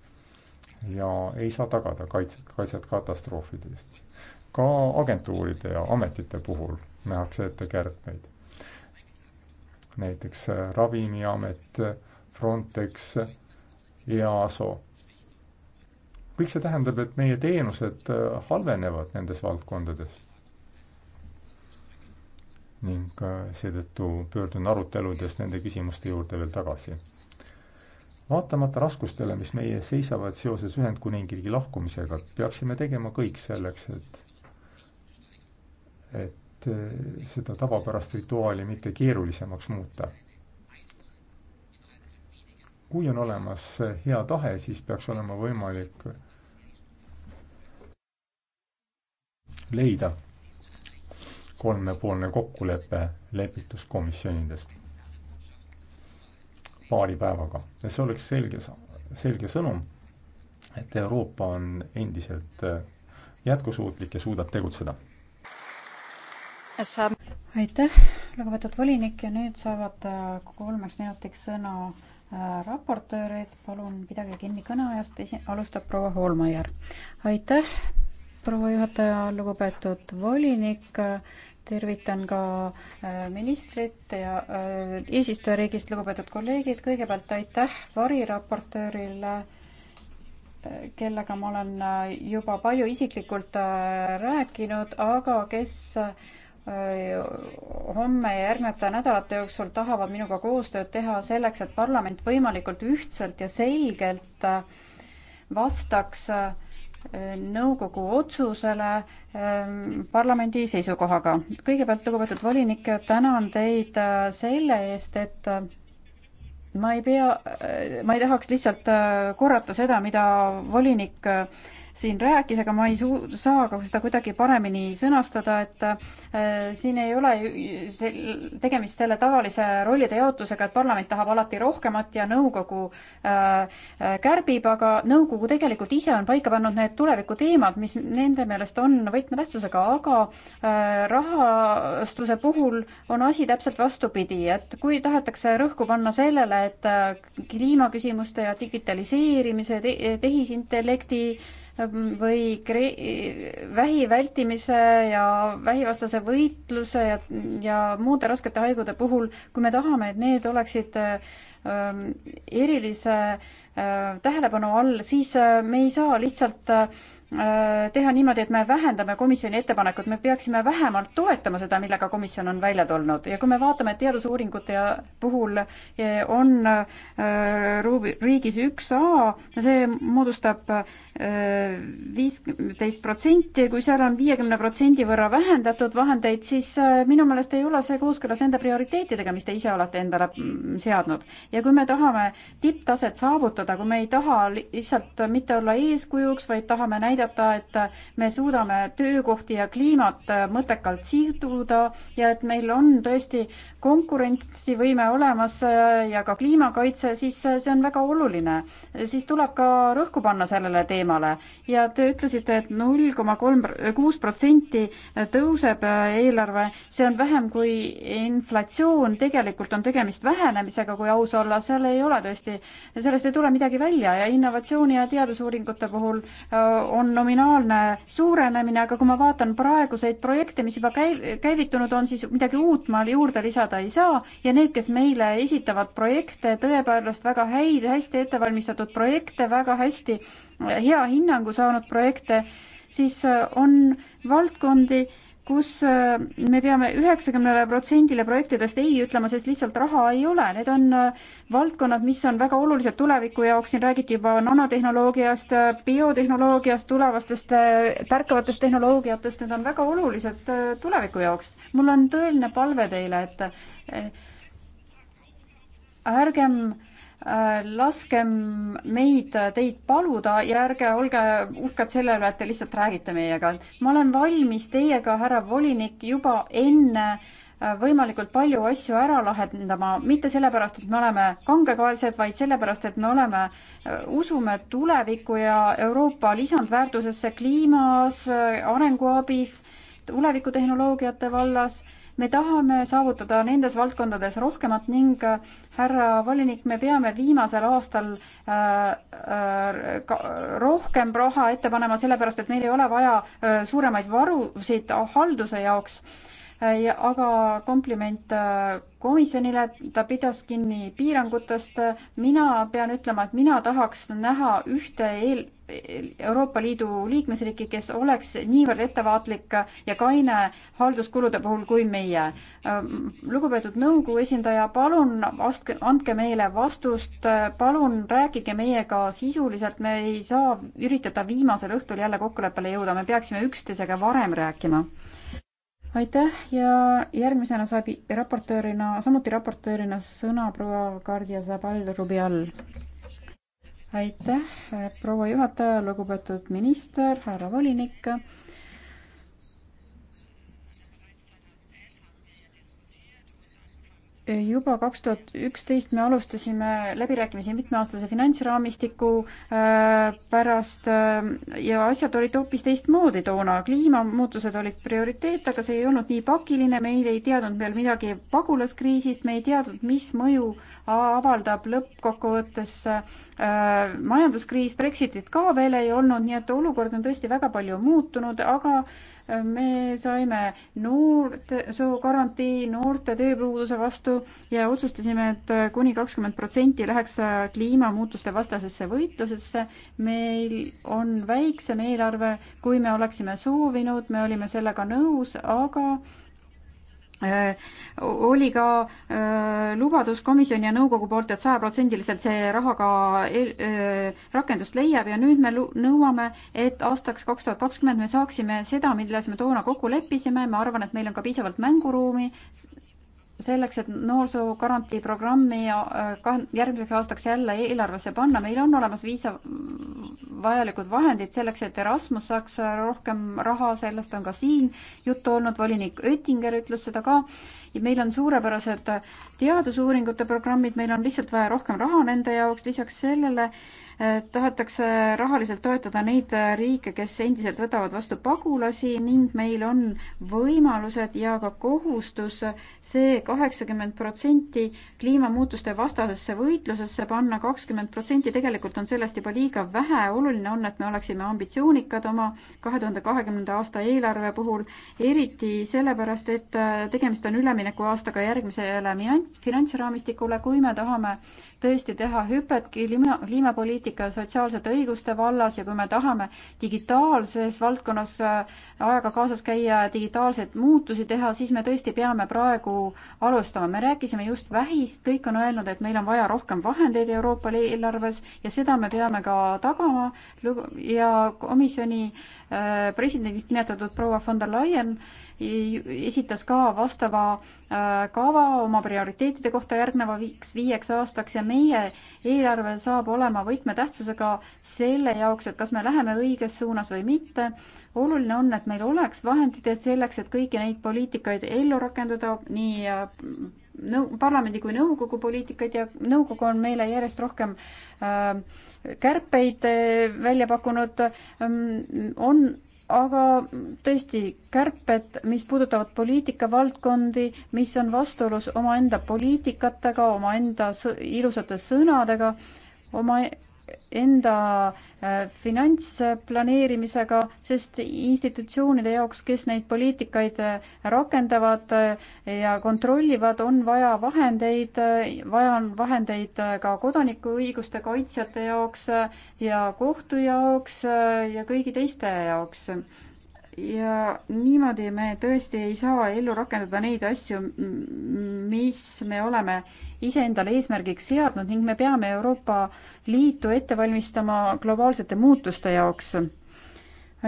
ja ei saa tagada kaitset, kaitset katastroofide eest ka agentuuride ja ametite puhul nähakse ette kärpeid. näiteks Ravimiamet, Frontex, EASO. kõik see tähendab, et meie teenused halvenevad nendes valdkondades. ning seetõttu pöördun aruteludes nende küsimuste juurde veel tagasi vaatamata raskustele, mis meie seisavad seoses Ühendkuningriigi lahkumisega, peaksime tegema kõik selleks, et et eh, seda tavapärast rituaali mitte keerulisemaks muuta. kui on olemas eh, hea tahe, siis peaks olema võimalik leida kolmepoolne kokkulepe lepituskomisjonides paari päevaga ja see oleks selge, selge sõnum, et Euroopa on endiselt eh, jätkusuutlik ja suudab tegutseda aitäh, lugupeetud volinik ja nüüd saavad äh, kolmeks minutiks sõna äh, raportöörid, palun pidage kinni kõneajast, esi-, alustab proua Hoolmeier. aitäh, proua juhataja, lugupeetud volinik, tervitan ka äh, ministrit ja eesistujariigist lugupeetud kolleegid, kõigepealt aitäh variraportöörile, kellega ma olen juba palju isiklikult rääkinud, aga kes homme ja järgnevate nädalate jooksul tahavad minuga koostööd teha selleks, et parlament võimalikult ühtselt ja selgelt äh, vastaks äh, nõukogu otsusele ähm, parlamendi seisukohaga. kõigepealt, lugupeetud volinik, tänan teid äh, selle eest, et ma ei pea, ma ei tahaks lihtsalt korrata seda, mida volinik siin rääkis, aga ma ei suu-, saa ka seda kuidagi paremini sõnastada, et äh, siin ei ole sel-, tegemist selle tavalise rollide jaotusega, et parlament tahab alati rohkemat ja nõukogu äh, äh, kärbib, aga nõukogu tegelikult ise on paika pannud need tulevikuteemad, mis nende meelest on võtmetähtsusega, aga rahastuse puhul on asi täpselt vastupidi, et kui tahetakse rõhku panna sellele, et kliimaküsimuste ja digitaliseerimise te, tehisintellekti või kre-, vähi vältimise ja vähivastase võitluse ja, ja muude raskete haigude puhul, kui me tahame, et need oleksid ähm, erilise äh, tähelepanu all, siis äh, me ei saa lihtsalt äh, teha niimoodi, et me vähendame komisjoni ettepanekut, me peaksime vähemalt toetama seda, millega komisjon on välja tulnud ja kui me vaatame, et teadusuuringute puhul eh, on äh, riigis üks A, see moodustab viisteist protsenti, kui seal on viiekümne protsendi võrra vähendatud vahendeid, siis äh, minu meelest ei ole see kooskõlas nende prioriteetidega, mis te ise olete endale mm, seadnud. ja kui me tahame tipptaset saavutada, kui me ei taha lihtsalt mitte olla eeskujuks, vaid tahame näidata, et me suudame töökohti ja kliimat äh, mõttekalt siduda ja et meil on tõesti konkurentsivõime olemas äh, ja ka kliimakaitse, siis see on väga oluline. siis tuleb ka rõhku panna sellele teemale teemale ja te ütlesite et, et null koma kolm, kuus protsenti tõuseb äh, eelarve, see on vähem kui inflatsioon, tegelikult on tegemist vähenemisega, kui aus olla, seal ei ole tõesti, sellest ei tule midagi välja ja innovatsiooni ja teadusuuringute puhul äh, on nominaalne suurenemine, aga kui ma vaatan praeguseid projekte, mis juba käi-, käivitunud on, siis midagi uut ma juurde lisada ei saa ja need, kes meile esitavad projekte, tõepoolest väga häid, hästi ettevalmistatud projekte, väga hästi hea hinnangu saanud projekte, siis äh, on valdkondi, kus äh, me peame üheksakümnele protsendile projektidest ei ütlema, sest lihtsalt raha ei ole. Need on äh, valdkonnad, mis on väga olulised tuleviku jaoks, siin räägiti juba nanotehnoloogiast, biotehnoloogiast, tulevastest tärkavatest tehnoloogiatest, need on väga olulised tuleviku jaoks. mul on tõeline palve teile, et ärgem äh, Äh, laskem meid teid paluda ja ärge olge uhked selle üle, et te lihtsalt räägite meiega. ma olen valmis teiega, härra volinik, juba enne äh, võimalikult palju asju ära lahendama, mitte sellepärast, et me oleme kangekaelsed, vaid sellepärast, et me oleme, äh, usume tulevikku ja Euroopa lisandväärtusesse kliimas, arenguabis, tulevikutehnoloogiate vallas. me tahame saavutada nendes valdkondades rohkemat ning härra volinik, me peame viimasel aastal äh, äh, ka, rohkem raha ette panema, sellepärast et meil ei ole vaja äh, suuremaid varusid halduse jaoks äh,. Ja, aga kompliment äh, komisjonile, ta pidas kinni piirangutest. mina pean ütlema, et mina tahaks näha ühte eel, Euroopa Liidu liikmesriiki, kes oleks niivõrd ettevaatlik ja kaine halduskulude puhul kui meie. lugupeetud nõukogu esindaja, palun astke, andke meile vastust, palun rääkige meiega sisuliselt, me ei saa üritada viimasel õhtul jälle kokkuleppele jõuda, me peaksime üksteisega varem rääkima. aitäh ja järgmisena saab raportöörina, samuti raportöörina sõna proua Kardia Zabal Rubial aitäh, proua juhataja, lugupeetud minister, härra volinik juba kaks tuhat üksteist me alustasime läbirääkimisi mitmeaastase finantsraamistiku äh, pärast äh, ja asjad olid hoopis teistmoodi toona. kliimamuutused olid prioriteet, aga see ei olnud nii pakiline, meil ei teadnud veel midagi pagulaskriisist, me ei teadnud, mis mõju avaldab lõppkokkuvõttes äh, majanduskriis, Brexitit ka veel ei olnud, nii et olukord on tõesti väga palju muutunud, aga me saime noorte, soogarantii noorte tööpuuduse vastu ja otsustasime, et kuni kakskümmend protsenti läheks kliimamuutuste vastasesse võitlusesse. meil on väiksem eelarve, kui me oleksime soovinud, me olime sellega nõus, aga oli ka öö, lubadus komisjoni ja nõukogu poolt, et sajaprotsendiliselt see raha ka e-, öö, rakendust leiab ja nüüd me nõuame, et aastaks kaks tuhat kakskümmend me saaksime seda, milles me toona kokku leppisime, ma arvan, et meil on ka piisavalt mänguruumi selleks, et noorsoogarantii programmi äh, järgmiseks aastaks jälle eelarvesse panna, meil on olemas viisa vajalikud vahendid selleks, et Erasmus saaks äh, rohkem raha, sellest on ka siin juttu olnud, volinik Oettinger ütles seda ka meil on suurepärased teadusuuringute programmid, meil on lihtsalt vaja rohkem raha nende jaoks, lisaks sellele eh, tahetakse rahaliselt toetada neid riike, kes endiselt võtavad vastu pagulasi ning meil on võimalused ja ka kohustus see kaheksakümmend protsenti kliimamuutuste vastasesse võitlusesse panna, kakskümmend protsenti tegelikult on sellest juba liiga vähe, oluline on, et me oleksime ambitsioonikad oma kahe tuhande kahekümnenda aasta eelarve puhul, eriti sellepärast, et eh, tegemist on ülemineku üleminekuaastaga järgmisele finantsraamistikule, kui me tahame tõesti teha hüpet kliima, kliimapoliitika ja sotsiaalsete õiguste vallas ja kui me tahame digitaalses valdkonnas äh, ajaga kaasas käia, digitaalseid muutusi teha, siis me tõesti peame praegu alustama. me rääkisime just vähist, kõik on öelnud, et meil on vaja rohkem vahendeid Euroopa eelarves ja seda me peame ka tagama ja komisjoni äh, presidendiks nimetatud proua von der Leyen esitas ka vastava äh, kava oma prioriteetide kohta järgneva viiks, viieks aastaks ja meie eelarve saab olema võtmetähtsusega selle jaoks, et kas me läheme õiges suunas või mitte. oluline on, et meil oleks vahendid selleks, et kõiki neid poliitikaid ellu rakendada, nii äh, nõu-, parlamendi kui nõukogu poliitikaid ja nõukogu on meile järjest rohkem äh, kärpeid äh, välja pakkunud ähm,, on aga tõesti, kärped, mis puudutavad poliitikavaldkondi, mis on vastuolus omaenda poliitikatega, omaenda ilusate sõnadega, oma enda äh, finantsplaneerimisega, sest institutsioonide jaoks, kes neid poliitikaid äh, rakendavad äh, ja kontrollivad, on vaja vahendeid, vaja on vahendeid ka kodanikuõiguste kaitsjate jaoks ja kohtu jaoks ja kõigi teiste jaoks ja niimoodi me tõesti ei saa ellu rakendada neid asju, mis me oleme iseendale eesmärgiks seadnud ning me peame Euroopa Liitu ette valmistama globaalsete muutuste jaoks.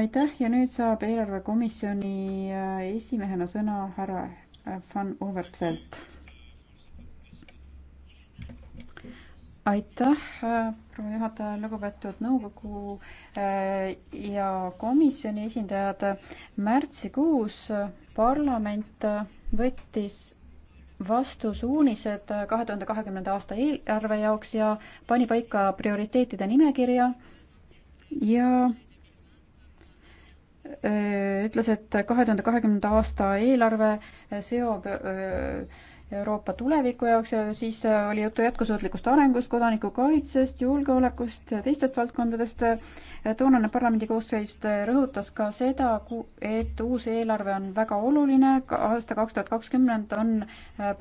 aitäh ja nüüd saab eelarvekomisjoni äh, esimehena sõna härra äh, Van Overtvelt. aitäh, proua juhataja, lugupeetud nõukogu eh, ja komisjoni esindajad. märtsikuus parlament võttis vastu suunised kahe tuhande kahekümnenda aasta eelarve jaoks ja pani paika prioriteetide nimekirja ja eh, ütles, et kahe tuhande kahekümnenda aasta eelarve seob öö, eh, Euroopa tuleviku jaoks ja siis äh, oli juttu jätkusuutlikust arengust, kodanikukaitsest, julgeolekust ja teistest valdkondadest. Äh, toonane parlamendi koosseis äh, rõhutas ka seda, et uus eelarve on väga oluline, aasta kaks tuhat kakskümmend on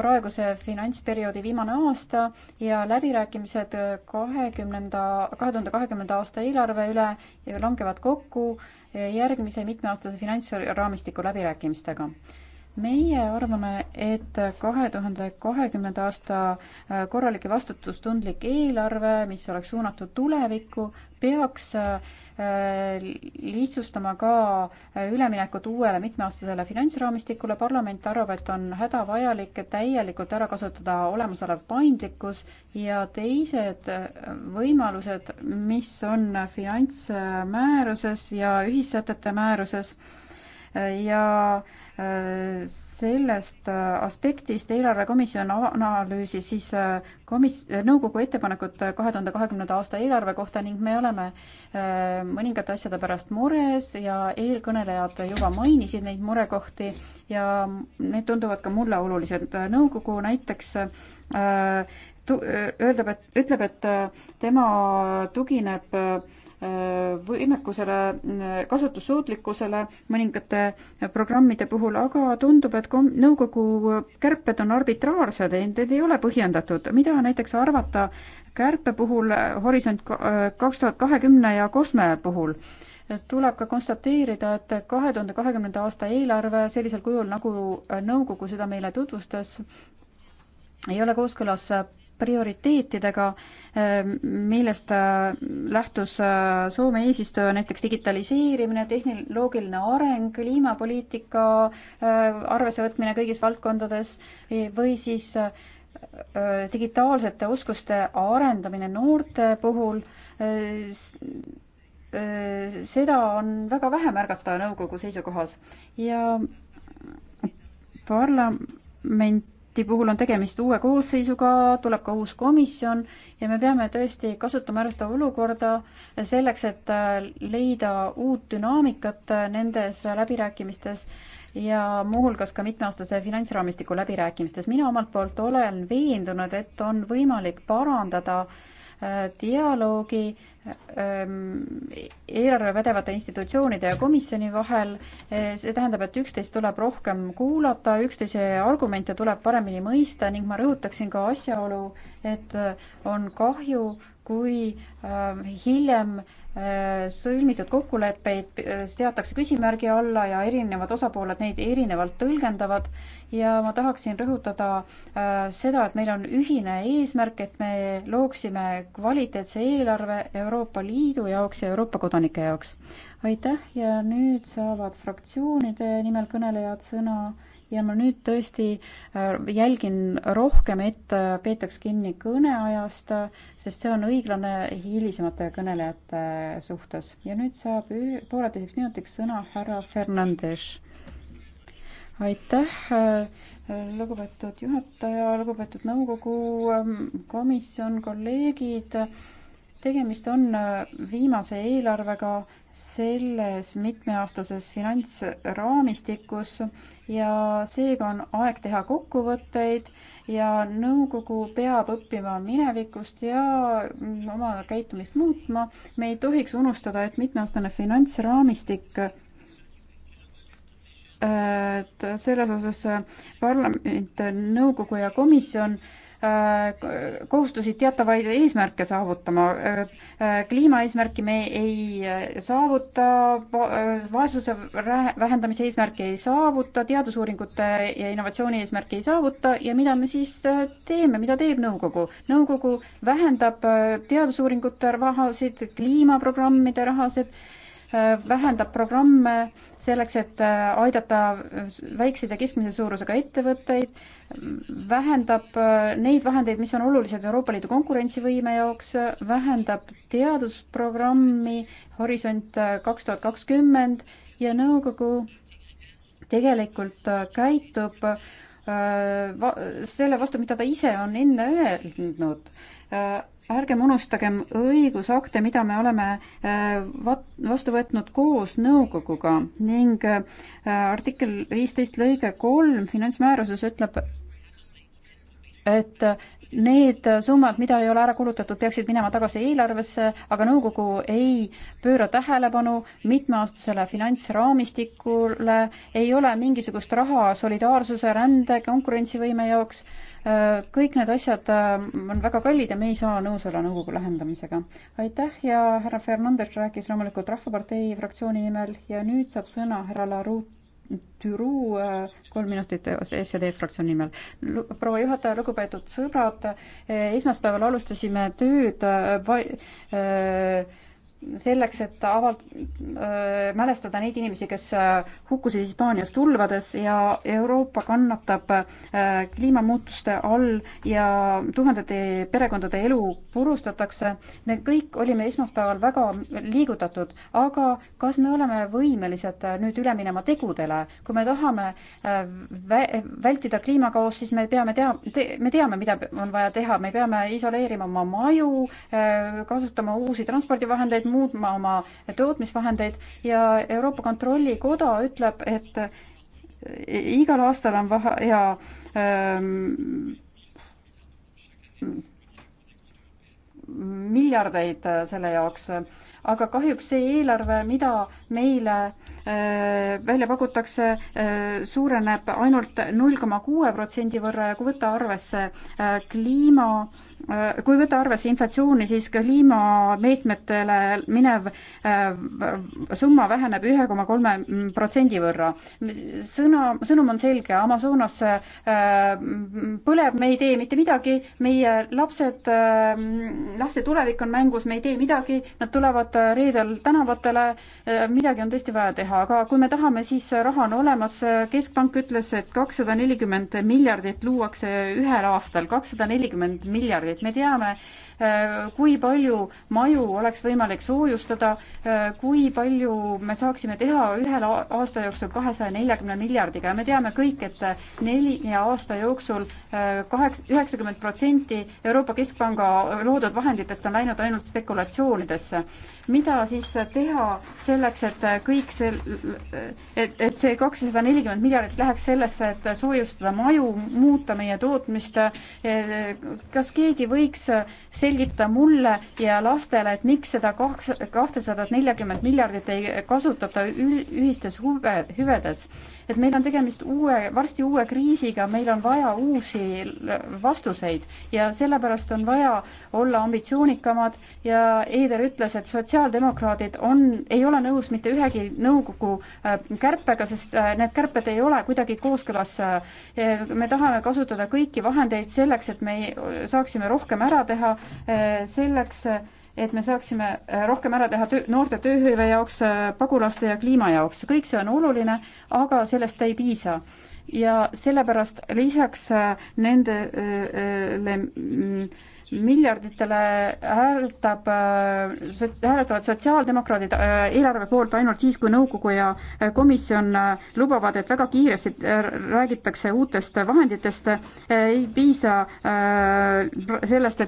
praeguse finantsperioodi viimane aasta ja läbirääkimised kahekümnenda, kahe tuhande kahekümnenda aasta eelarve üle langevad kokku järgmise mitmeaastase finantsraamistiku läbirääkimistega meie arvame, et kahe tuhande kahekümnenda aasta äh, korralik ja vastutustundlik eelarve, mis oleks suunatud tulevikku, peaks äh, lihtsustama ka äh, üleminekut uuele mitmeaastasele finantsraamistikule. parlament arvab, et on hädavajalik täielikult ära kasutada olemasolev paindlikkus ja teised võimalused, mis on finantsmääruses ja ühissätete määruses ja äh, sellest äh, aspektist eelarvekomisjon analüüsis siis äh, komis-, äh, nõukogu ettepanekut kahe tuhande kahekümnenda aasta eelarve kohta ning me oleme mõningate asjade pärast mures ja eelkõnelejad juba mainisid neid murekohti ja need tunduvad ka mulle olulised. nõukogu näiteks öeldab, et, ütleb, et tema tugineb võimekusele, kasutussuutlikkusele mõningate programmide puhul, aga tundub, et kom-, nõukogu kärped on arbitraarsed, need ei ole põhjendatud. mida näiteks arvata kärpe puhul Horisont kaks tuhat kahekümne ja Kosme puhul? tuleb ka konstateerida, et kahe tuhande kahekümnenda aasta eelarve sellisel kujul, nagu nõukogu seda meile tutvustas, ei ole kooskõlas prioriteetidega, äh, millest lähtus äh, Soome eesistuja, näiteks digitaliseerimine, tehnoloogiline areng, kliimapoliitika äh, arvesevõtmine kõigis valdkondades või siis digitaalsete oskuste arendamine noorte puhul, seda on väga vähe märgata nõukogu seisukohas ja parlament parlamenti puhul on tegemist uue koosseisuga, tuleb ka uus komisjon ja me peame tõesti kasutama ära seda olukorda selleks, et äh, leida uut dünaamikat äh, nendes läbirääkimistes ja muuhulgas ka mitmeaastase finantsraamistiku läbirääkimistes. mina omalt poolt olen veendunud, et on võimalik parandada äh, dialoogi ähm, eelarve pädevate institutsioonide ja komisjoni vahel. see tähendab, et üksteist tuleb rohkem kuulata, üksteise argumente tuleb paremini mõista ning ma rõhutaksin ka asjaolu, et on kahju, kui ähm, hiljem äh, Äh, sõlmitud kokkuleppeid äh, seatakse küsimärgi alla ja erinevad osapooled neid erinevalt tõlgendavad ja ma tahaksin rõhutada äh, seda, et meil on ühine eesmärk, et me looksime kvaliteetse eelarve Euroopa Liidu jaoks ja Euroopa kodanike jaoks. aitäh ja nüüd saavad fraktsioonide nimel kõnelejad sõna ja ma nüüd tõesti äh, jälgin rohkem, et äh, peetaks kinni kõneajast, sest see on õiglane hilisemate kõnelejate suhtes. ja nüüd saab pooleteiseks minutiks sõna härra Fernandes. aitäh, äh, lugupeetud juhataja, lugupeetud nõukogu, ähm, komisjon, kolleegid tegemist on viimase eelarvega, selles mitmeaastases finantsraamistikus ja seega on aeg teha kokkuvõtteid ja nõukogu peab õppima minevikust ja oma käitumist muutma. me ei tohiks unustada, et mitmeaastane finantsraamistik et selles osas parlament, nõukogu ja komisjon Äh, kohustusid teatavaid eesmärke saavutama. Äh, äh, kliimaeesmärki me ei saavuta, vaesuse vähendamise eesmärki ei saavuta, teadusuuringute ja innovatsiooni eesmärki ei saavuta ja mida me siis teeme, mida teeb nõukogu? nõukogu vähendab teadusuuringute rahasid, kliimaprogrammide rahasid Äh, vähendab programme selleks, et äh, aidata väikseid ja keskmise suurusega ettevõtteid, vähendab äh, neid vahendeid, mis on olulised Euroopa Liidu konkurentsivõime jaoks, vähendab teadusprogrammi Horisont kaks tuhat kakskümmend ja nõukogu tegelikult käitub Äh, va-, selle vastu, mida ta ise on enne öelnud. Äh, ärgem unustagem õigusakte, mida me oleme äh, va-, vastu võtnud koos nõukoguga ning artikkel viisteist lõige kolm finantsmääruses ütleb, et need summad, mida ei ole ära kulutatud, peaksid minema tagasi eelarvesse, aga nõukogu ei pööra tähelepanu mitmeaastasele finantsraamistikule, ei ole mingisugust raha solidaarsuse, rände, konkurentsivõime jaoks. kõik need asjad mm, on väga kallid ja me ei saa nõus olla nõukogu lähendamisega. aitäh ja härra Fernandes rääkis loomulikult Rahvapartei fraktsiooni nimel ja nüüd saab sõna härra Laruut Türu äh, kolm minutit SED fraktsiooni nimel. proua juhataja, lugupeetud sõbrad, äh, esmaspäeval alustasime tööd va-, äh, äh selleks, et avalt- äh,, mälestada neid inimesi, kes äh, hukkusid Hispaanias tulvades ja Euroopa kannatab äh, kliimamuutuste all ja tuhandete perekondade elu purustatakse. me kõik olime esmaspäeval väga liigutatud, aga kas me oleme võimelised äh, nüüd üle minema tegudele? kui me tahame äh, vä-, vältida kliimakaost, siis me peame tea- te,, me teame, mida on vaja teha, me peame isoleerima oma maju, äh, kasutama uusi transpordivahendeid, muutma oma tootmisvahendeid ja Euroopa Kontrollikoda ütleb, et igal aastal on vaja ähm, miljardeid äh, selle jaoks aga kahjuks see eelarve, mida meile äh, välja pakutakse äh,, suureneb ainult null koma kuue protsendi võrra ja kui võtta arvesse äh, kliima, äh, kui võtta arvesse inflatsiooni, siis kliimameetmetele minev äh, summa väheneb ühe koma kolme protsendi võrra. sõna, sõnum on selge, Amazonas äh, põleb, me ei tee mitte midagi, meie lapsed, laste tulevik on mängus, me ei tee midagi, nad tulevad tulevad äh, reedel tänavatele, äh, midagi on tõesti vaja teha, aga kui me tahame, siis äh, raha on olemas, Keskpank ütles, et kakssada nelikümmend miljardit luuakse ühel aastal, kakssada nelikümmend miljardit, me teame, kui palju maju oleks võimalik soojustada, kui palju me saaksime teha ühel aasta jooksul kahesaja neljakümne miljardiga ja me teame kõik, et nelja aasta jooksul kaheksa, üheksakümmend protsenti Euroopa Keskpanga loodud vahenditest on läinud ainult spekulatsioonidesse mida siis teha selleks, et kõik see, et, et see kakssada nelikümmend miljardit läheks sellesse, et soojustada maju, muuta meie tootmist. kas keegi võiks selgitada mulle ja lastele, et miks seda kaks, kahtesadat neljakümmet miljardit ei kasutata ühistes huve, hüvedes? et meil on tegemist uue, varsti uue kriisiga, meil on vaja uusi vastuseid ja sellepärast on vaja olla ambitsioonikamad ja Eider ütles, et sotsiaaldemokraadid on, ei ole nõus mitte ühegi nõukogu äh, kärpega, sest äh, need kärped ei ole kuidagi kooskõlas. Äh, me tahame kasutada kõiki vahendeid selleks, et me saaksime rohkem ära teha, selleks et me saaksime äh, rohkem ära teha töö, noorte tööhõive jaoks, äh, pagulaste ja kliima jaoks, kõik see on oluline, aga sellest ei piisa ja sellepärast lisaks äh, nendele mm, miljarditele hääletab, hääletavad sotsiaaldemokraadid eelarve poolt ainult siis, kui nõukogu ja komisjon lubavad, et väga kiiresti räägitakse uutest vahenditest. ei piisa sellest, et